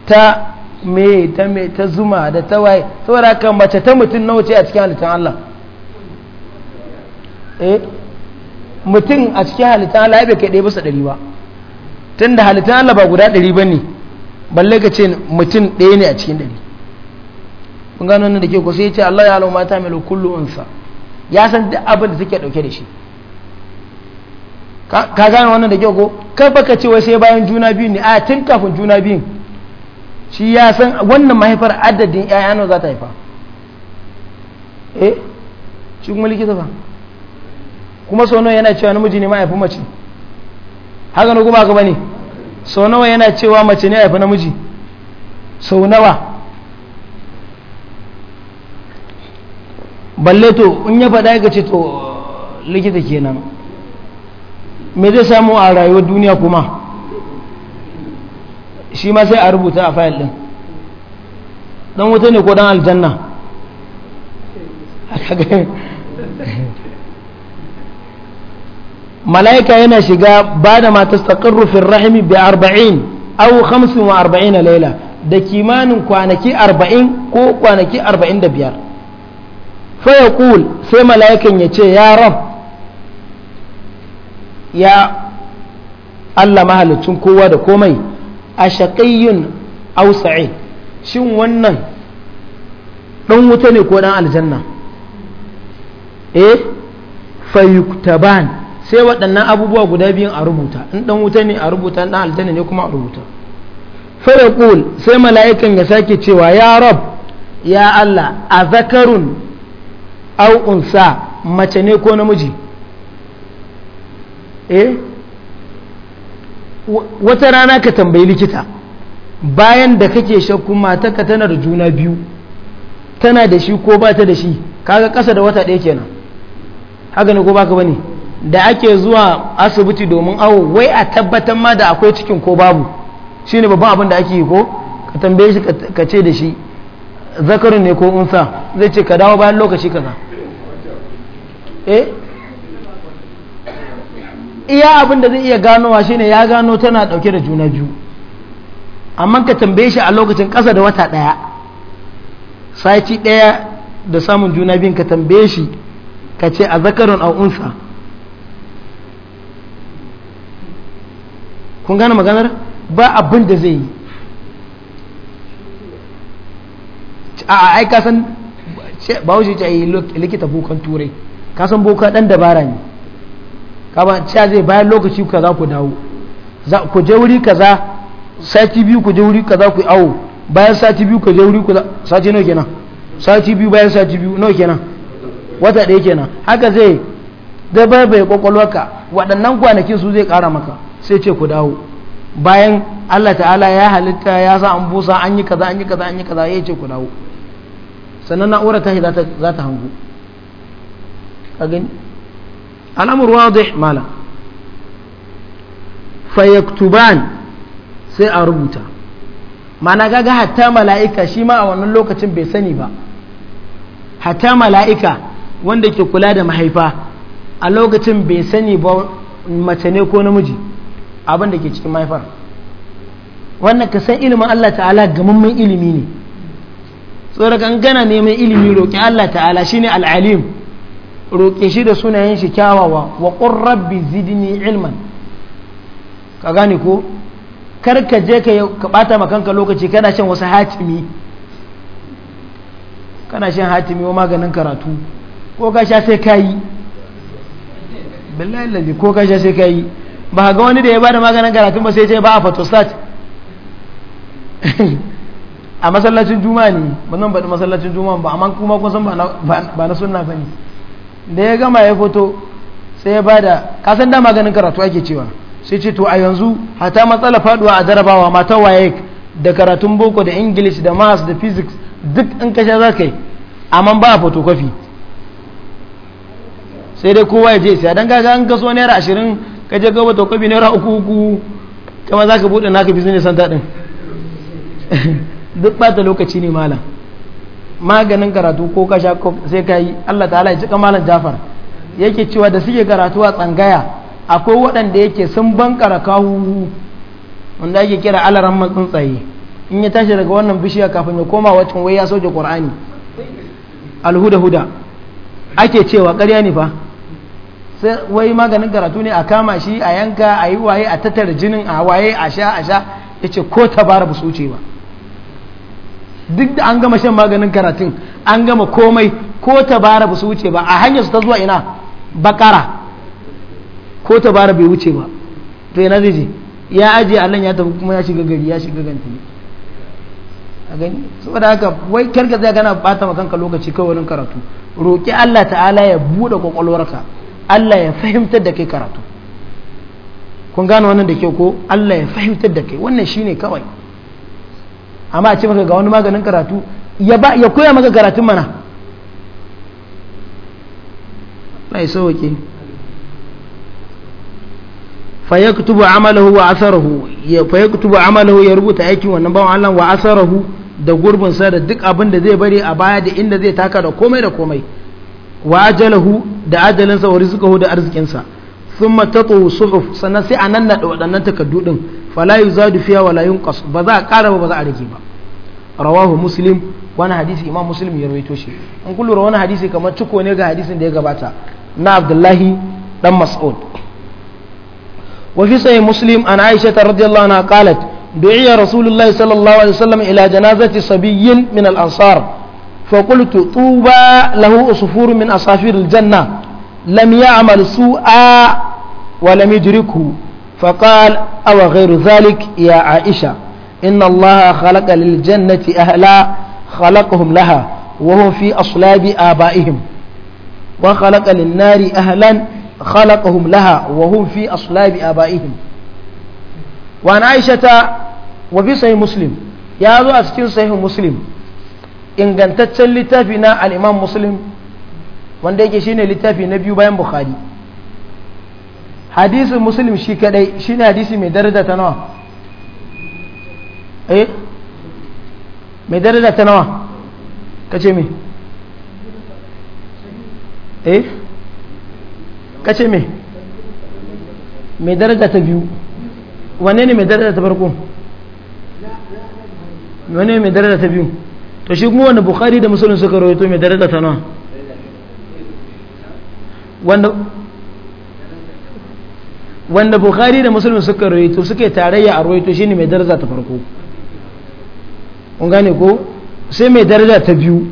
Speaker 1: ta me ta me ta zuma da ta waye saboda kan mace ta mutum nauce a cikin halittar Allah eh mutum a cikin halittar Allah bai kai ɗaya bisa ɗari ba tun da halittar Allah ba guda ɗari ba ne balle ka ce mutum ɗaya ne a cikin ɗari kun gano nan da ke ku sai ya ce Allah ya halau mata mai kullu unsa ya san duk abin da suke ɗauke da shi ka gane wannan da ke ko kai baka ce wai sai bayan juna biyu ne a tun kafin juna biyun shi ya san wannan mahaifar adadin ƴaƴa nawa za ta haifa eh shi kuma likita ba kuma sau nawa yana cewa namiji ne ma haifi mace haka ne kuma gaba ne sau nawa yana cewa mace ne haifi namiji sau nawa balle to in ya faɗa ya ce to likita kenan me zai samu a rayuwar duniya kuma shi ma sai a rubuta a fayil ɗin ɗan wuta ne ko ɗan aljanna mala'ika yana shiga ba da matas taƙarrufin rahimi bi arba'in au hamsin wa arba'in a laila da kimanin kwanaki arba'in ko kwanaki arba'in da biyar faya kul sai mala'ikan ya ce ya rab ya allah mahalicin kowa da komai a shaƙayyun au shin wannan ɗan wuta ne ko ɗan aljanna eh fayuktaban sai waɗannan abubuwa guda biyun a rubuta in ɗan wuta ne a rubuta ɗan aljanna ne kuma a rubuta fa yaqul sai mala'ikan ya sake cewa ya rab ya Allah a zakarun au unsa mace ne ko namiji eh wata rana ka tambayi likita bayan da kake shakku ka tana da juna biyu tana da shi ko ba ta da shi kaga ƙasa da wata ɗaya kenan haka ne ko baka bane da ake zuwa asibiti domin awo wai a tabbatar ma da akwai cikin ko babu shi ne babban abin da ake yi ko ka tambaye shi ka ce da shi zakarin ne ko unsa zai ce ka dawo bayan lokaci kaza eh iya abin da zai iya ganowa shine ya gano tana dauke da juna biyu amma ka tambaye shi a lokacin kasa da wata daya sati daya da samun juna biyun ka tambaye shi ka ce a zakarin a unsa kun gane maganar ba abin da zai yi a ai ka san ba wuce ce yi likita bokan turai ka san boka dan dabara ne kama cewa zai bayan lokaci kaza ku dawo ku je wuri kaza sati biyu ku je wuri kaza ku awo bayan sati biyu ku je wuri ku sati nawa kenan sati biyu bayan sati biyu nawa kenan wata ɗaya kenan haka zai dabar bai bai kwakwalwarka waɗannan kwanakin su zai ƙara maka sai ce ku dawo bayan Allah ta'ala ya halitta ya sa an busa an yi kaza an yi kaza an yi kaza ya ce ku dawo sannan na'urar ta za ta hangu ka gani al'amur wadih mala fayaktuban sai a rubuta mana gaga hatta mala'ika shi ma a wannan lokacin bai sani ba hatta mala'ika wanda ke kula da mahaifa a lokacin bai sani ba mace ne ko namiji abin da ke cikin mahaifar wannan ka san ilimin Allah ta'ala gamamman ilimi ne tsoro an gana mai ilimi roƙi Allah ta'ala shine al'alim roƙe shi da sunayen shi kyawawa wa qur rabbi zidni ilman ka gane ko kar ka je ka ka bata makanka lokaci kana shan wasu hatimi kana shan hatimi wa maganin karatu ko ka sha sai ka sha ba ga wani da ya bada maganin karatun ba sai ce ba a photostat a masallacin juma'a ne ba zan faɗi masallacin juma'a ba amma kuma kun san ba na sunna ba ne da ya gama ya foto sai ya bada kasan da maganin karatu ake cewa sai ce to a yanzu hata matsala faduwa a jarabawa mata waye da karatun boko da english da maths da physics duk in kashe za ka yi amma ba a photocopy sai dai kowa ya je sai don gaga an kaso naira ashirin ka je gaba to kabi naira uku uku kama za ka buɗe naka business santa ɗin duk ɓata lokaci ne malam maganin karatu ko ka sha sai ka yi Allah ta'ala ya cika malam Jafar yake cewa da suke karatu a tsangaya akwai waɗanda yake sun bankara kahu wanda ake kira alaran man tsuntsaye in ya tashi daga wannan bishiya kafin ya koma wacin wai ya soke Qur'ani alhuda huda ake cewa ƙarya ne fa sai wai maganin karatu ne a kama shi a yanka a yi waye a tattara jinin a waye a sha a sha ya ce ko bara ba su wuce ba duk da an gama shan maganin karatun an gama komai ko bara ba su wuce ba a hanyar su ta zuwa ina bakara ko ta bara bai wuce ba to yana zai je ya ajiye allan ya tafi kuma ya shiga gari ya shiga ganti a gani saboda haka wai karka zai gana bata ma kanka lokaci kawai wurin karatu roƙi allah ta'ala ya buɗe kwakwalwarka Allah ya fahimtar da kai karatu kun gane wannan da kyau ko Allah ya fahimtar da kai wannan shine kawai amma a ce maka ga wani maganin karatu ya ba ya koya maka karatun mana Allah ya sauke amalahu wa asarahu ya amalahu ya rubuta aikin wannan bawan Allah wa asarahu da gurbinsa da duk abin da zai bari a baya da inda zai taka da komai da komai wa da ajalinsa wa rizqahu da arzikinsa thumma tatu suhuf sannan sai anan na waɗannan takaddu din fala yuzadu fiha wala yunqas ba za a kara ba ba za a rage ba rawahu muslim wani hadisi imam muslim ya rawaito shi an kun lura wani hadisi kamar ciko ne ga hadisin da ya gabata na abdullahi dan mas'ud wa fi sahih muslim an aisha radhiyallahu anha qalat du'iya rasulullahi sallallahu alaihi wasallam ila janazati sabiyyin min al-ansar فقلت طوبى له أصفور من أصافير الجنة لم يعمل سوءا ولم يدركه فقال أو غير ذلك يا عائشة إن الله خلق للجنة أهلا خلقهم لها وهم في أصلاب آبائهم وخلق للنار أهلا خلقهم لها وهم في أصلاب آبائهم وعن عائشة وفي صحيح مسلم يا ذو أسكين صحيح مسلم ingantaccen littafi na al'imam muslim wanda yake shine littafi na biyu bayan bukhari hadisi muslim shi kadai shine hadisi mai daraja ta nawa eh mai daraja ta nawa kace me eh kace me mai daraja ta biyu wane ne mai daraja ta farko wane ne mai daraja ta biyu to shi kuma wanda bukhari da musulun suka rawaito mai daraja ta nan wanda wanda bukhari da musulun suka rawaito suke tarayya a rawaito shine mai daraja ta farko kun gane ko sai mai daraja ta biyu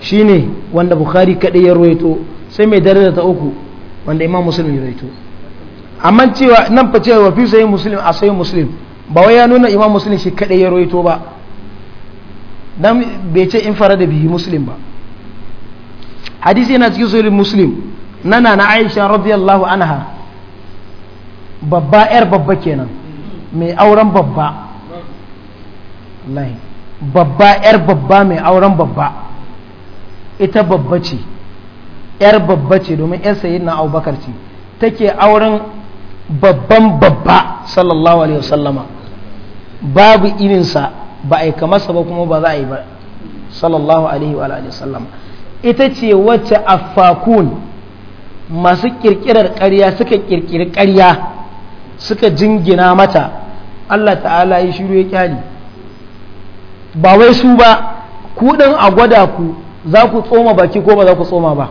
Speaker 1: shine wanda bukhari kadai ya rawaito sai mai daraja ta uku wanda imam muslim ya rawaito amma cewa nan fa cewa fi sahih muslim a sahih muslim ba wai ya nuna imam muslim shi kadai ya rawaito ba dan bai ce in fara da bihi muslim ba hadisi yana cikin sahih muslim nana na aisha radiyallahu anha babba yar babba kenan mai auren babba babba yar babba mai auren babba ita babba ce yar babba ce domin yar sayin na abubakar ce take auren babban babba sallallahu alaihi wasallama babu irinsa ba a yi kamarsa ba kuma ba za a yi ba sallallahu alaihi wa alihi sallam ita ce wacce afakun masu kirkirar ƙarya suka kirkiri ƙarya suka jingina mata Allah ta'ala ya shiru ya kyali ba wai su ba ku a gwada ku za ku tsoma baki ko ba za ku tsoma ba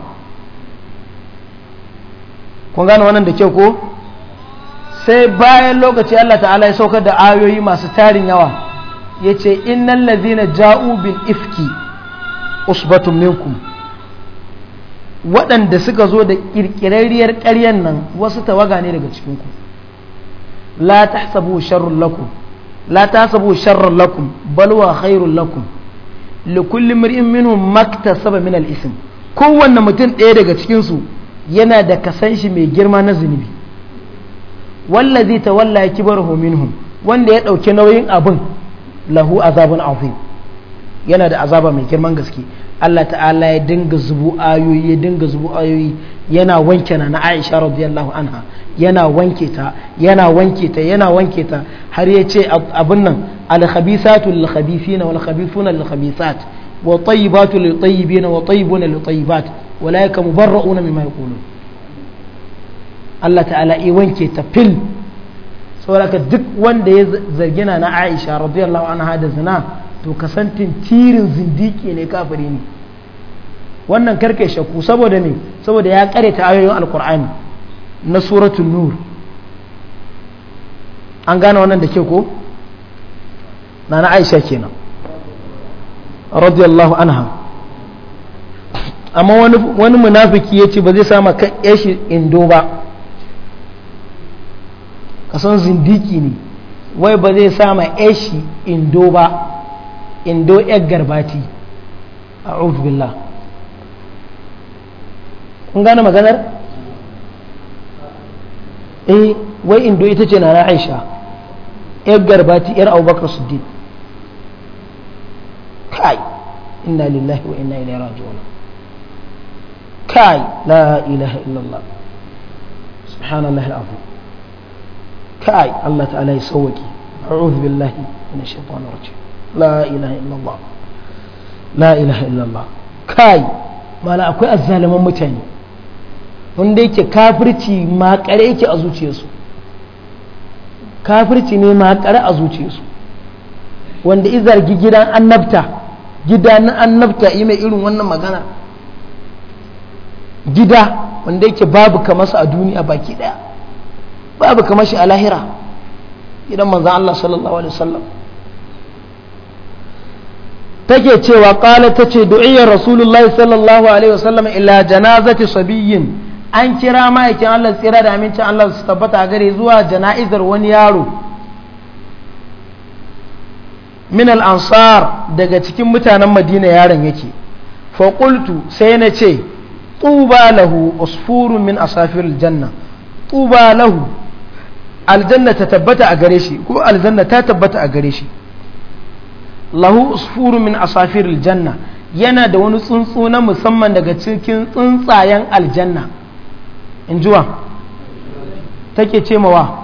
Speaker 1: kun gane wannan da kyau ko sai bayan lokaci Allah ta'ala ya saukar da ayoyi masu tarin yawa yace ce innan lazina ja'u bil ifki usbatun minkum waɗanda suka zo da ƙirƙirarriyar ƙaryan nan wasu tawaga ne daga cikinku la ta sabu sharrun lakum la balwa khairun lakum likulli mir'in minhum maktasaba min al kowanne mutum ɗaya daga cikinsu yana da kasanshi mai girma na zunubi wallazi tawalla kibarahu minhum wanda ya ɗauki nauyin abin lahu azabun azim yana da azaba mai girman gaske Allah ta'ala ya dinga zubu ayoyi ya dinga zubu ayoyi yana wanke na Aisha radiyallahu anha yana wanke ta yana wanke ta yana wanke ta har ya ce abin nan al-khabisatu lil-khabisina wal-khabithuna lil-khabisat wa tayyibatu tayyibina wa tayyibuna tayyibat mimma yaqulun Allah ta'ala ya wanke ta fil saboda duk wanda ya zargina na aisha radiyallahu anha da zina to kasantin tirin zindiki ne kafiri ne wannan karkai shakku saboda me saboda ya ta ayoyin alkur'ani na suratul nur an gane wannan da ke ko na na aisha kenan radiyallahu anha amma wani munafiki ya ce ba zai sama kan yashi indo ba kasan zindiki ne wai ba zai sama eshi indo ba indo yar garbati a billah kun gane maganar eh wai indo ita ce na aisha yar garbati yar abubakar siddiq kai inna lillahi wa inna ilaihi raji'un kai la ilaha illallah subhanallahi alazim kai Allah ta'ala ya sauwaki a'udhu billahi minash shaitanir rajim la ilaha illallah la ilaha illallah kai mala akwai azzaliman mutane wanda yake kafirci kare yake a zuciyarsu kafirci ne kare a zuciyarsu wanda izargi gidan annabta gida na annabta yi mai irin wannan magana gida wanda yake babu su a duniya baki daya babu kamar shi a lahira idan manzan Allah sallallahu alaihi wasallam take cewa kala ta ce duiyar rasulullahi sallallahu alaihi wasallam ila janazati sabiyyin an kira ma'aikin Allah tsira da amincin Allah su tabbata a gare zuwa jana'izar wani yaro min ansar daga cikin mutanen madina yaron yake faƙultu sai na ce tuba lahu usfurun min asafir janna tuba lahu aljanna ta tabbata a gare shi kuma aljanna ta tabbata a gare shi lahu usfuru min asafir aljanna yana da wani tsuntsu na musamman daga cikin tsuntsayen aljanna in jiwa take ce mawa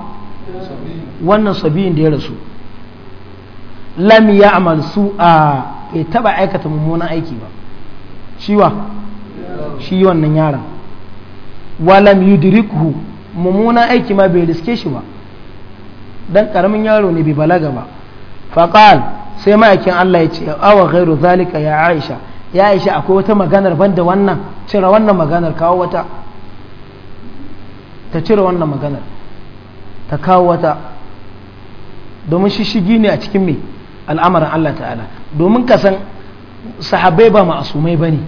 Speaker 1: wannan sabiyin da ya rasu lam ya amal su a bai taba aikata mummunan aiki ba shiwa shi wannan yaron walam yudrikuhu mummunan aiki ma bai riske shi ba dan karamin yaro ne bai balaga ba faqal sai ma'aikin Allah ya ce awa ghairu zalika ya Aisha ya Aisha akwai wata maganar banda wannan cire wannan maganar kawo wata ta cire wannan maganar ta kawo wata domin shishigi ne a cikin mai al'amarin Allah ta'ala domin ka san sahabbai ba ma'asumai bane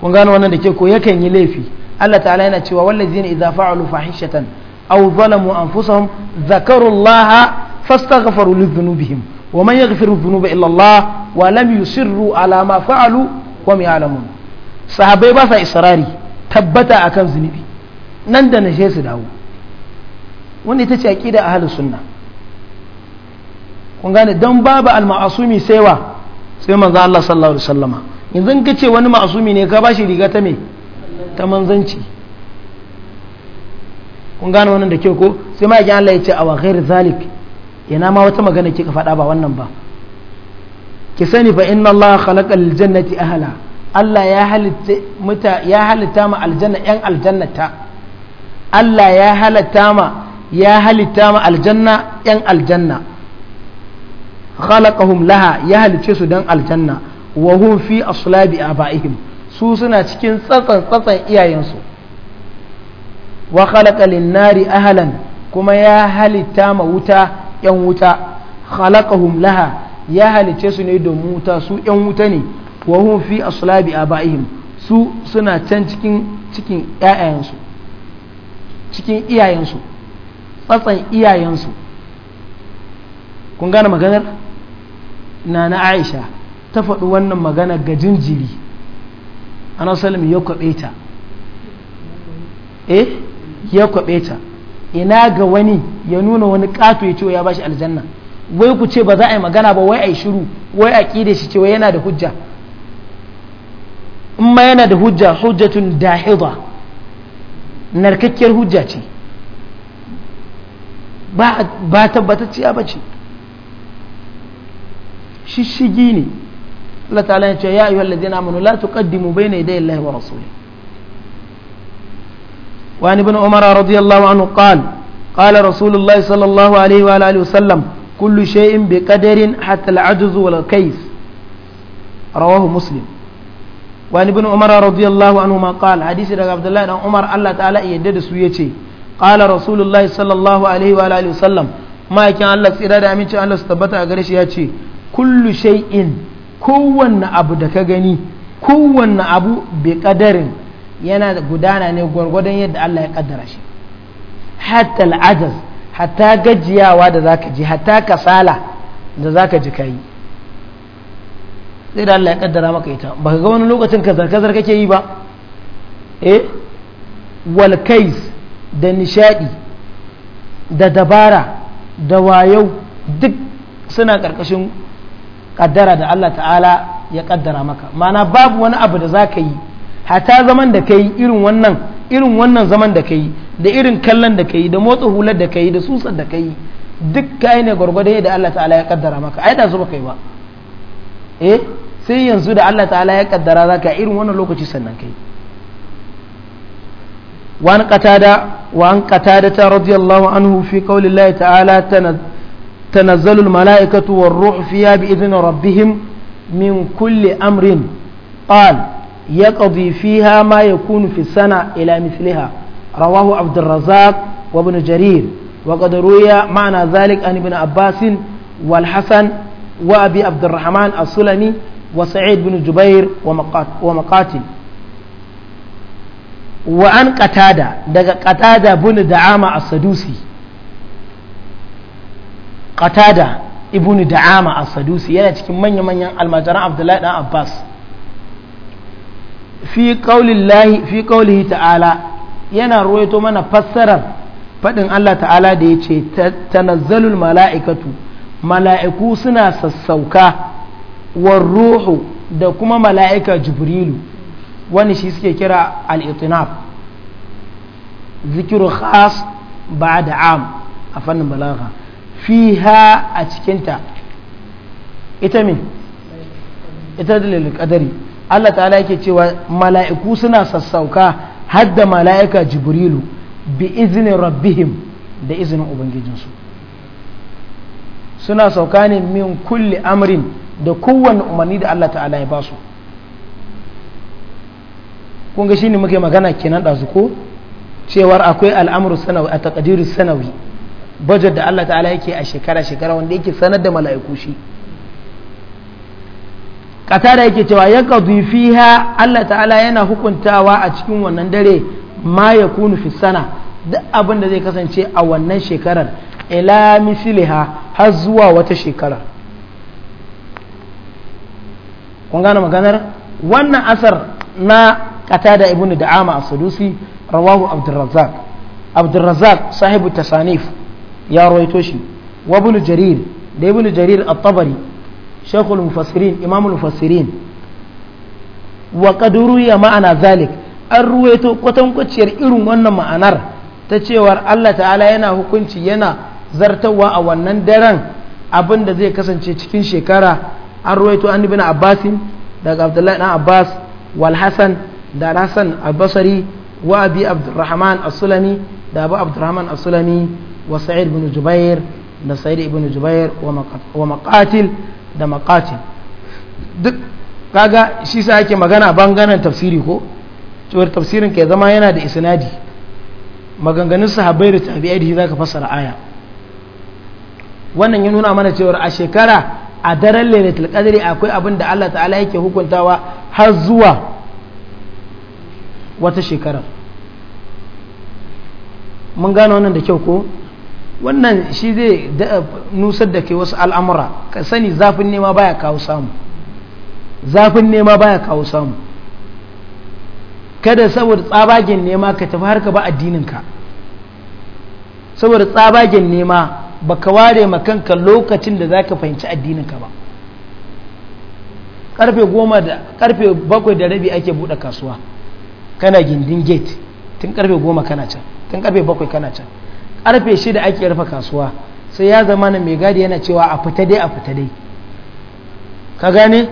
Speaker 1: kun gano wannan da ke ko yakan yi laifi Allah ta'ala yana cewa a idza fa'alu fahishatan aw zalamu anfusahum zakaru fastaghfaru lidhunubihim wa man yaghfiru dhunuba illa Allah wa lam yusirru ala ma fa'alu wa ma ya'lamun sahabbai ba sa israri tabbata akan zunubi nan da nashe su dawo wanda ita ce aqida ahlus sunna kun gane dan babu al-ma'asumi sai sai manzo Allah sallallahu alaihi wasallama yanzu ka ce wani ma'asumi ne ka bashi riga ta me ta manzanci kun gane wannan da ke ko sai ma Allah ya ce a wa ghair zalik yana ma wata magana kika faɗa ba wannan ba ki sani fa inna Allah khalaqal jannati ahla Allah ya halitta muta ya halitta ma aljanna yan aljannata Allah ya halitta ma ya halitta ma aljanna yan aljanna khalaqahum laha ya halice su dan aljanna wa hum fi aslabi abaihim su suna cikin tsatsan tsatsan iyayensu wa khalaqa nari ahlan kuma ya halitta ma wuta yan wuta khalaqahum laha ya halice su ne domin wuta su yan wuta ne wa hum fi aslabi abaihim su suna can cikin cikin iyayensu cikin iyayensu tsatsan iyayensu kun gane maganar na na aisha ta faɗi wannan magana ga jinjiri ana salim ya kwabe ta eh ya kwabe ta ina ga wani ya nuna wani kato ya ce ya bashi aljanna wai ku ce ba za a yi magana ba wai a yi shiru wai a ƙi shi ce wai yana da hujja in ma yana da hujja hujjatun dahidha narkakkiyar hujja ce ba tabbatacciya ba ce shishigi ne Allah ta'ala ya ce ya ayyuhal ladina amanu la tuqaddimu bayna yaday Allahi shay'in bi qadarin hatta al hadisi daga abdullahi dan umar Allah ta'ala ya yadda da su yace qala rasulullahi sallallahu alaihi wa alihi wasallam da su shi yace kullu kowanne abu da ka gani kowanne abu bi kadarin yana gudana ne gwargwadon yadda Allah ya kaddara shi hatta al'ajaz hatta gajiyawa da zaka ji hatta kasala da zaka ji kai sai da Allah ya kaddara maka ita ba ka ga wani lokacin kazar kazar kake yi ba eh wal kais da nishadi da dabara da wayau duk suna karkashin kaddara da Allah ta'ala ya kaddara maka mana babu wani abu da za ka yi hata zaman da ka yi irin wannan irin wannan zaman da ka yi da irin kallon da ka yi da motsa hular da ka yi da susar da ka yi duk ka ne gwargwado da Allah ta'ala ya kaddara maka ai da su baka ba eh sai yanzu da Allah ta'ala ya kaddara za ka irin wannan lokaci sannan kai وعن قتادة da ta radiyallahu anhu fi في قول الله تعالى تنزل الملائكة والروح فيها بإذن ربهم من كل أمر قال يقضي فيها ما يكون في السنة إلى مثلها رواه عبد الرزاق وابن جرير وقد روي معنى ذلك عن ابن عباس والحسن وأبي عبد الرحمن السلمي وسعيد بن جبير ومقاتل وعن قتادة قتادة بن دعامة السدوسي qatada ibnu da'ama as-sadusi yana cikin manya-manyan almajiran abdullahi dan abbas fi qaulillahi fi qaulihi ta'ala yana ruwaito mana fassarar fadin Allah ta'ala da yace tanazzalul mala'ikatu mala'iku suna sassauka war ruhu da kuma mala'ika jibrilu wani shi suke kira al-itinab zikiru khas ba'da am a fannin balagha fiha a cikinta ita min ita dalilin kadari Allah ta'ala yake cewa mala'iku suna sassauka hadda mala'ika jibrilu bi izinin rabbihim da izinin ubangijinsu suna sauka ne min kulli amrin da kowane umarni da Allah ta'ala ya basu kun ga shine muke magana kenan ɗazu ko cewar akwai al'amuru sanawi a takadiru sanawi bajet da Allah ta'ala yake a shekara-shekara wanda yake sanar da mala'iku shi ƙasa da yake cewa ya fiha Allah ta'ala yana hukuntawa a cikin wannan dare ma ya kunu fi sana duk abin da zai kasance a wannan shekarar ila misiliha har zuwa wata shekara kun gane maganar wannan asar na ƙata da ibnu da'ama a sadusi rawahu abdulrazak abdulrazzaq sahibu tasanif ya rawaito shi wa ibn jarir da ibn jarir at-tabari shaykhul mufassirin imamul mufassirin wa qad ma'ana zalik an ruwaito kwatankwaciyar irin wannan ma'anar ta cewar Allah ta'ala yana hukunci yana zartawa a wannan daren abinda zai kasance cikin shekara an ruwaito an ibn abbasin daga abdullahi dan abbas wal hasan da hasan al-basri wa abi abdurrahman as-sulami da abu abdurrahman as-sulami وسعيد بن جبير da سعيد بن جبير wa ده da duk kaga shi sa ake magana bangaren tafsiri ko cewar tafsirin ke zama yana da isnadi maganganun sahabbai da tabi'ai da zaka fassara aya wannan ya nuna mana cewar a shekara a daren lailatul qadri akwai abin da Allah ta'ala yake hukuntawa har zuwa wata shekara mun gano wannan da kyau ko wannan shi zai nusar da ke wasu al'amura ka sani zafin nema baya kawo samu zafin nema baya kawo samu kada saboda tsabagen nema ka tafi harka ba addininka saboda tsabagen nema ba ka ware makanka lokacin da za ka fahimci addininka ba karfe goma da karfe bakwai da rabi ake buɗe kasuwa kana gindin gate tun karfe goma kana can tun karfe bakwai kana can arfe shida ake rufe kasuwa sai ya zama na mai gadi yana cewa a fita dai a fita dai ka gane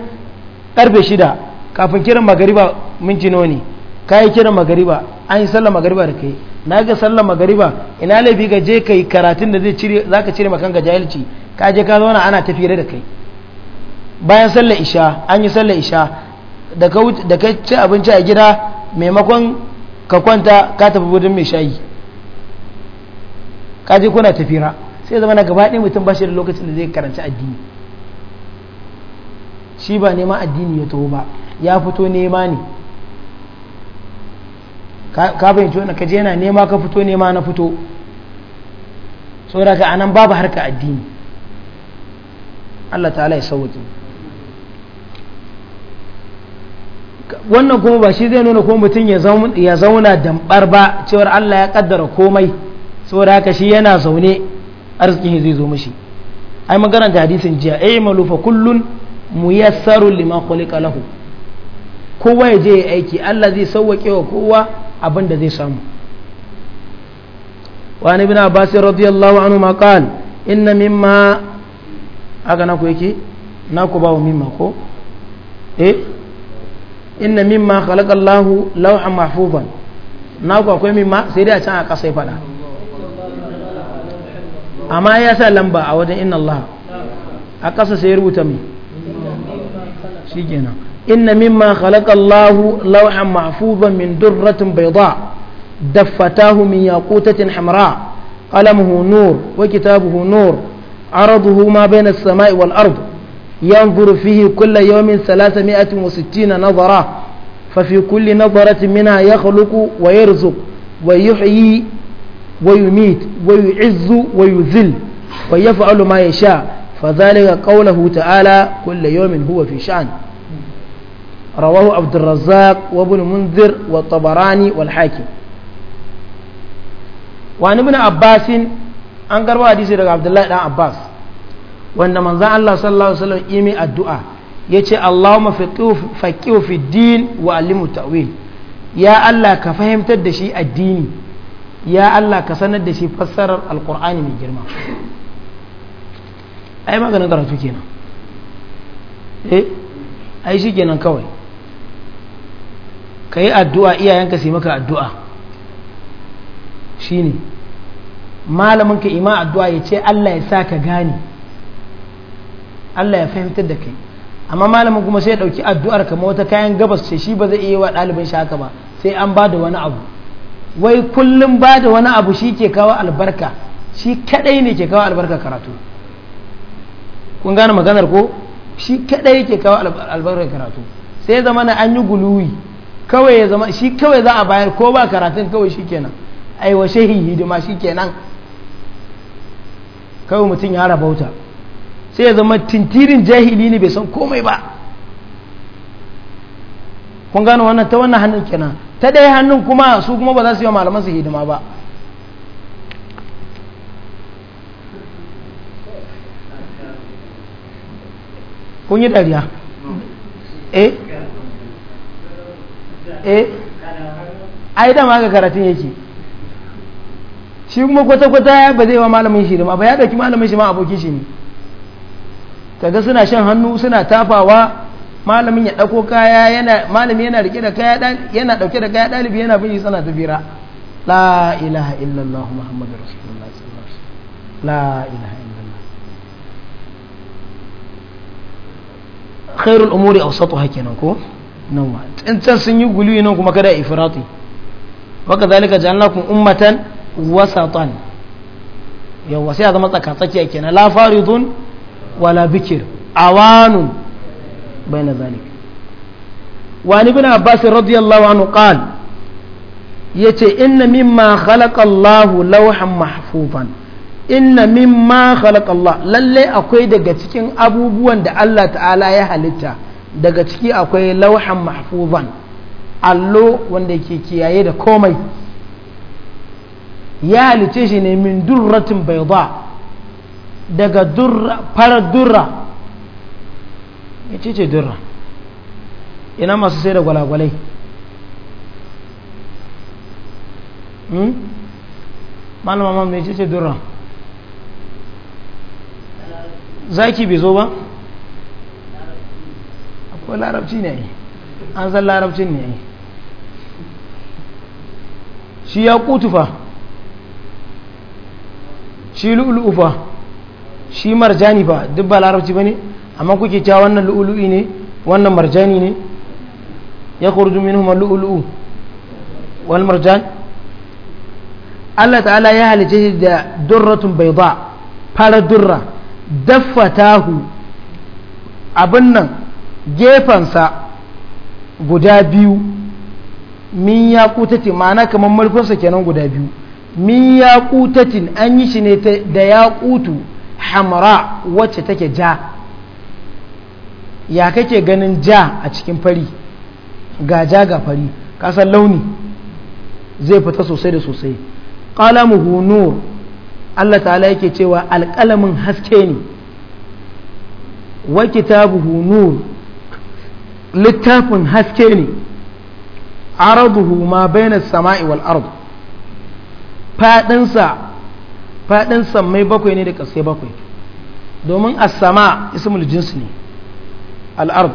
Speaker 1: karfe shida kafin kiran magariba minti nawa ne ka yi kiran magariba an yi sallar magariba da kai na ga sallar magariba ina laifi ga je kai karatun da zai cire za ka cire makan ga jahilci ka je ka zauna ana tafiye da kai bayan sallar isha an yi sallar isha da ka ci abinci a gida maimakon ka kwanta ka tafi wurin mai shayi kaji kuna tafira sai zama na gaba ɗin mutum ba shi da lokacin da zai karanci addini shi ba neman addini ya taho ba ya fito nema ne ka fahimci wani kaji yana nema ka fito nema na fito saboda ka anan babu harka addini Allah ta'ala ya sauwaki wannan kuma ba shi zai nuna kuma mutum ya zauna dambar ba cewar Allah ya kaddara komai saboda haka shi yana zaune arzikin zai zo mashi ai magana da hadisin jiya ai malufa kullun muyassaru liman khuliqa lahu kowa ya je ya aiki Allah zai sauwake wa kowa abin da zai samu wa ni ibn abbas radiyallahu anhu ma qal inna mimma aga na ku yake na ku bawo mimma ko eh inna mimma khalaqa Allahu lawhan mahfuzan na ku akwai mimma sai dai a can a kasa ya fada amma ya sa lamba a wajen inna Allah a ƙasa sai rubuta mai shi kenan inna mimma khalaqa Allahu lawhan mahfuzan min durratin bayda daffatahu min yaqutatin hamra qalamuhu nur wa kitabuhu nur عرضه ما بين السماء والأرض ينظر فيه كل يوم ثلاثمائة وستين نظرة ففي كل نظرة منها يخلق ويرزق ويحيي ويميت ويعز ويذل ويفعل ما يشاء فذلك قوله تعالى كل يوم هو في شأن رواه عبد الرزاق وابن منذر والطبراني والحاكم وعن ابن عباس an garba hadisi daga abdullahi dan abbas wanda manzan allah sallallahu alaihi wasallam imi addu'a ya ce allahumma faqihu fi din wa alimu ta'wil ya allah ka fahimtar da shi addini ya Allah ka sanar da shi fassarar alkur'ani mai girma ai maganin karatu kenan eh ai shi kenan kawai ka yi addu'a iyayenka sai maka addu'a shi ne malamin ka ima addu'a ya ce Allah ya sa ka gane Allah ya fahimtar da kai amma malamin kuma sai ya ɗauki addu'ar kama wata kayan gabas ce shi ba zai iya wa ɗalibin shaka ba sai an ba da wani abu wai kullum ba da wani abu shi ke kawo albarka shi kadai ne ke kawo albarka karatu kun gane maganar ko shi kadai ke kawo albarka karatu sai zama na an yi guluwi kawai ya zama shi kawai za a bayar ko ba karatun kawai shi kenan aiwa shehi hidima shi kenan kawai mutum ya rabauta sai ya zama tintirin jahili ne bai san komai ba kun gano wannan ta wannan hannun kenan ta ɗaya hannun kuma su kuma ba za su yi wa malaman su hidima ba kun yi ɗariya. eh eh ai da ma ga karatun yake shi kuma kwata-kwata ba zai wa malamin shi ba ya ɗauki malamin shi ma abokin shi ne kaga suna shan hannu suna tafawa malamin ya dauko kaya yana malami yana rike da kaya yana ɗauke da kaya ɗalibi yana bin sana ta bira la ilaha illallah muhammadu rasulullah sallallahu alaihi la ilaha illallah khairul umuri awsatuha kenan ko nan ma tsancan sun yi guluwi nan kuma kada ifrati wa kadhalika ja'alnakum ummatan wasatan yawa sai a zama tsaka tsakiya kenan la faridun wala bikir awanun بين ذلك وعن ابن عباس رضي الله عنه قال يتي إن مما خلق الله لوحا محفوظا inna mimma khalaqa Allah lalle akwai daga cikin abubuwan da Allah ta'ala ya halitta daga ciki akwai lauhan mahfuzan allo wanda ke kiyaye da komai ya halice shi ne min durratin bayda daga durra farar durra ya ce dirra ina masu sai da gwalagwalai hmm? malama ma mai ce dirra zaki bai zo ba akwai larabci ne an san larabcin ne shi ya kutufa shi fa shi marjani ba duk ba larabci ba ne amma kuke cewa wannan lu'ulu'i ne wannan marjani ne ya kurdu minhum lu'ulu'u wal marjan Allah ta'ala ya halice shi da durratun bayda fara durra daffatahu abin nan gefansa guda biyu min ya kutati ma'ana kamar marfinsa kenan guda biyu min ya kutatin an yi shi ne da ya kutu hamra wacce take ja ya kake ganin ja a cikin fari ga ja ga fari kasan launi zai fita sosai da sosai hu nur Allah ta'ala yake cewa alƙalamin haske ne wa kitabuhu nur littafin haske ne araduhu ma bayanar sama'i wal ard faɗinsa faɗinsa mai bakwai ne da ƙasai bakwai domin asama sama ismul jinsi ne al'ard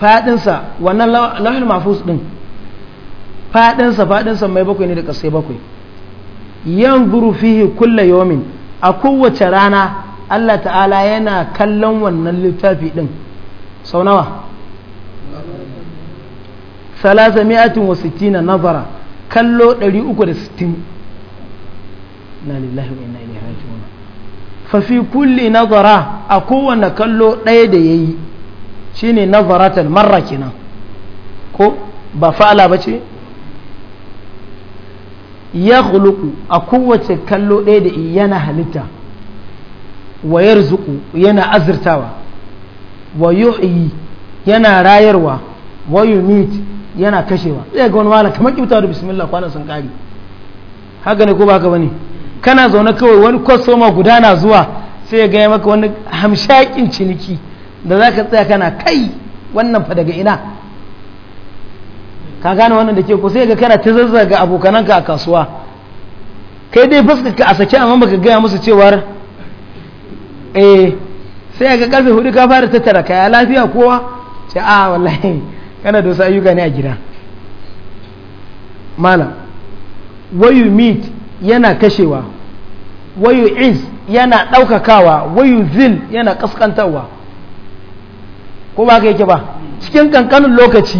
Speaker 1: faɗinsa wannan lahul mafus din faɗinsa faɗinsa mai bakwai ne da kasai bakwai yan fihi kulla yomin a kowace rana Allah ta'ala yana kallon wannan littafi din sau nawa salasa mi'atin wa na nazara kallo 360 na lillahi wa inna ilaihi raji'un fa fi kulli nazara a kowanne kallo ɗaya da yayi Shi na nazaratal marra kenan ko ba fa'ala ce ya khuluqu a kowace kallo ɗaya da yana halitta wa yarzuqu yana azurtawa wa yuhyi yana rayarwa wa yumit yana kashewa zai ga wani wala kamar kibta da bismillah kwanan sun kari haka ne ko ba ba bane kana zaune kawai wani kwasoma guda na zuwa sai ya gaya maka wani hamshakin ciniki da za ka tsaya kana kai wannan fa daga ina ka gane wannan da ke ku sai ga kana ta zazzaga abokananka a kasuwa kai dai ka a sake amma baka gaya musu cewar eh sai ga karfe hudu ka fara tattara kaya lafiya kowa ce a ah, wallahi kana da wasu ayyuka ne a gida malam wayu meet yana kashewa wayu is yana ɗaukakawa wayu zil yana ƙasƙantarwa ko ba ka yake ba cikin kankanin lokaci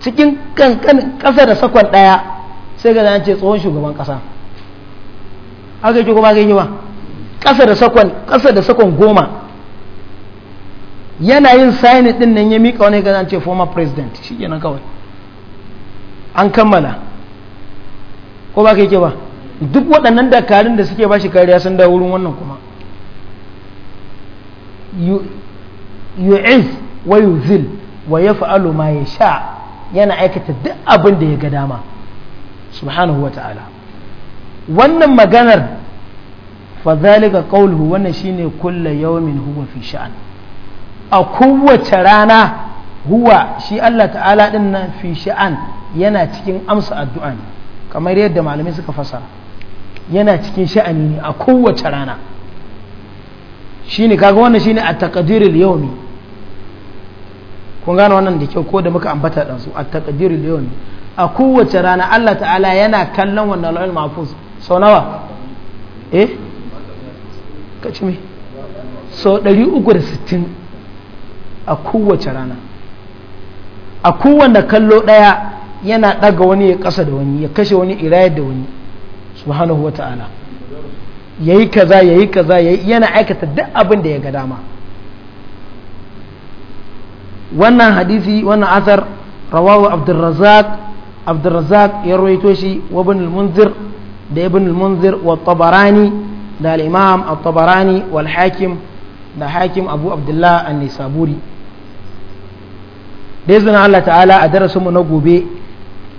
Speaker 1: cikin kankanin kasa da sakon ɗaya sai ga ce tsohon shugaban kasa haka yake ko ba ka yake ba kasa da sakon kasa da sakon goma yanayin yin signing din nan ya mika wani ga ce former president shi kenan kawai an kammala ko ba ka yake ba duk waɗannan dakarun da suke ba shi kariya sun da wurin wannan kuma yu'iz wa yuzil wa yaf'alu ma yasha yana aikata duk abin da ya ga dama subhanahu wa ta'ala wannan maganar fadhalika qawluhu wannan shine kulla yawmin huwa fi sha'an a kowace rana huwa shi Allah ta'ala din nan sha'an yana cikin amsa addu'a kamar yadda malamai suka fasa yana cikin sha'ani ne a kowace rana shi ne kaga wannan shi ne a taqdiril yawmi kun gane wannan da kyau ko da muka ambata dan su a taqdiril yawmi a kowace rana Allah ta'ala yana kallon wannan lawal mahfuz sau nawa eh ka ci me sau 360 a kowace rana a kowanne kallo ɗaya yana ɗaga wani ya ƙasa da wani ya kashe wani irayar da wani subhanahu wa ta'ala yayi kaza yayi kaza yayi yana aikata duk abin da ya ga dama wannan hadisi wannan asar rawawa abdurrazzaq abdulrazak ya roito shi wa munzir da ibn munzir wa tabarani da al-imam tabarani wal hakim da hakim abu abdullah an-nisaburi da izinin Allah ta'ala a darasinmu na gobe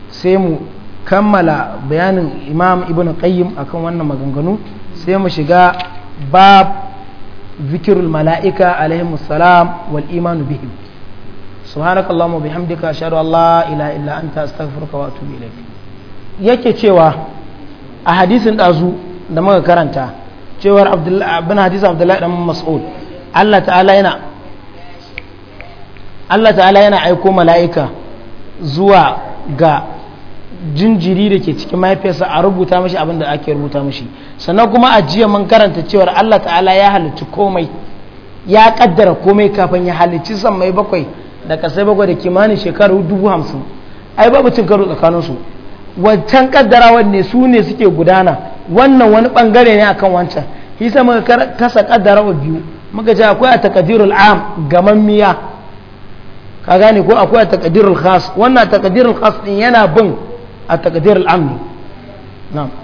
Speaker 1: sai mu kammala bayanin imam ibn qayyim akan wannan maganganu sai mu shiga bab zikirul mala'ika alaihimus salam wal imanu bihim subhanakallahumma bihamdika ashhadu an la ilaha illa anta astaghfiruka wa atubu ilaik yake cewa a hadisin dazu da muka karanta cewar abdullahi bin hadisin abdullahi dan mas'ud Allah ta'ala yana Allah ta'ala yana aiko mala'ika zuwa ga jinjiri da ke cikin mahaifiyarsa a rubuta mashi abin da ake rubuta mashi sannan kuma a jiya mun karanta cewar Allah ta'ala ya halicci komai ya kaddara komai kafin ya halicci mai bakwai da kasai bakwai da kimanin shekaru dubu hamsin ai babu cin karo tsakaninsu wancan kaddarawa ne su ne suke gudana wannan wani bangare ne akan wancan hisa muka kasa kaddara wa biyu muka ce akwai a takadirul am gaman miya ka gane ko akwai a takadirul khas wannan takadirul khas din yana bin a takdir al'amni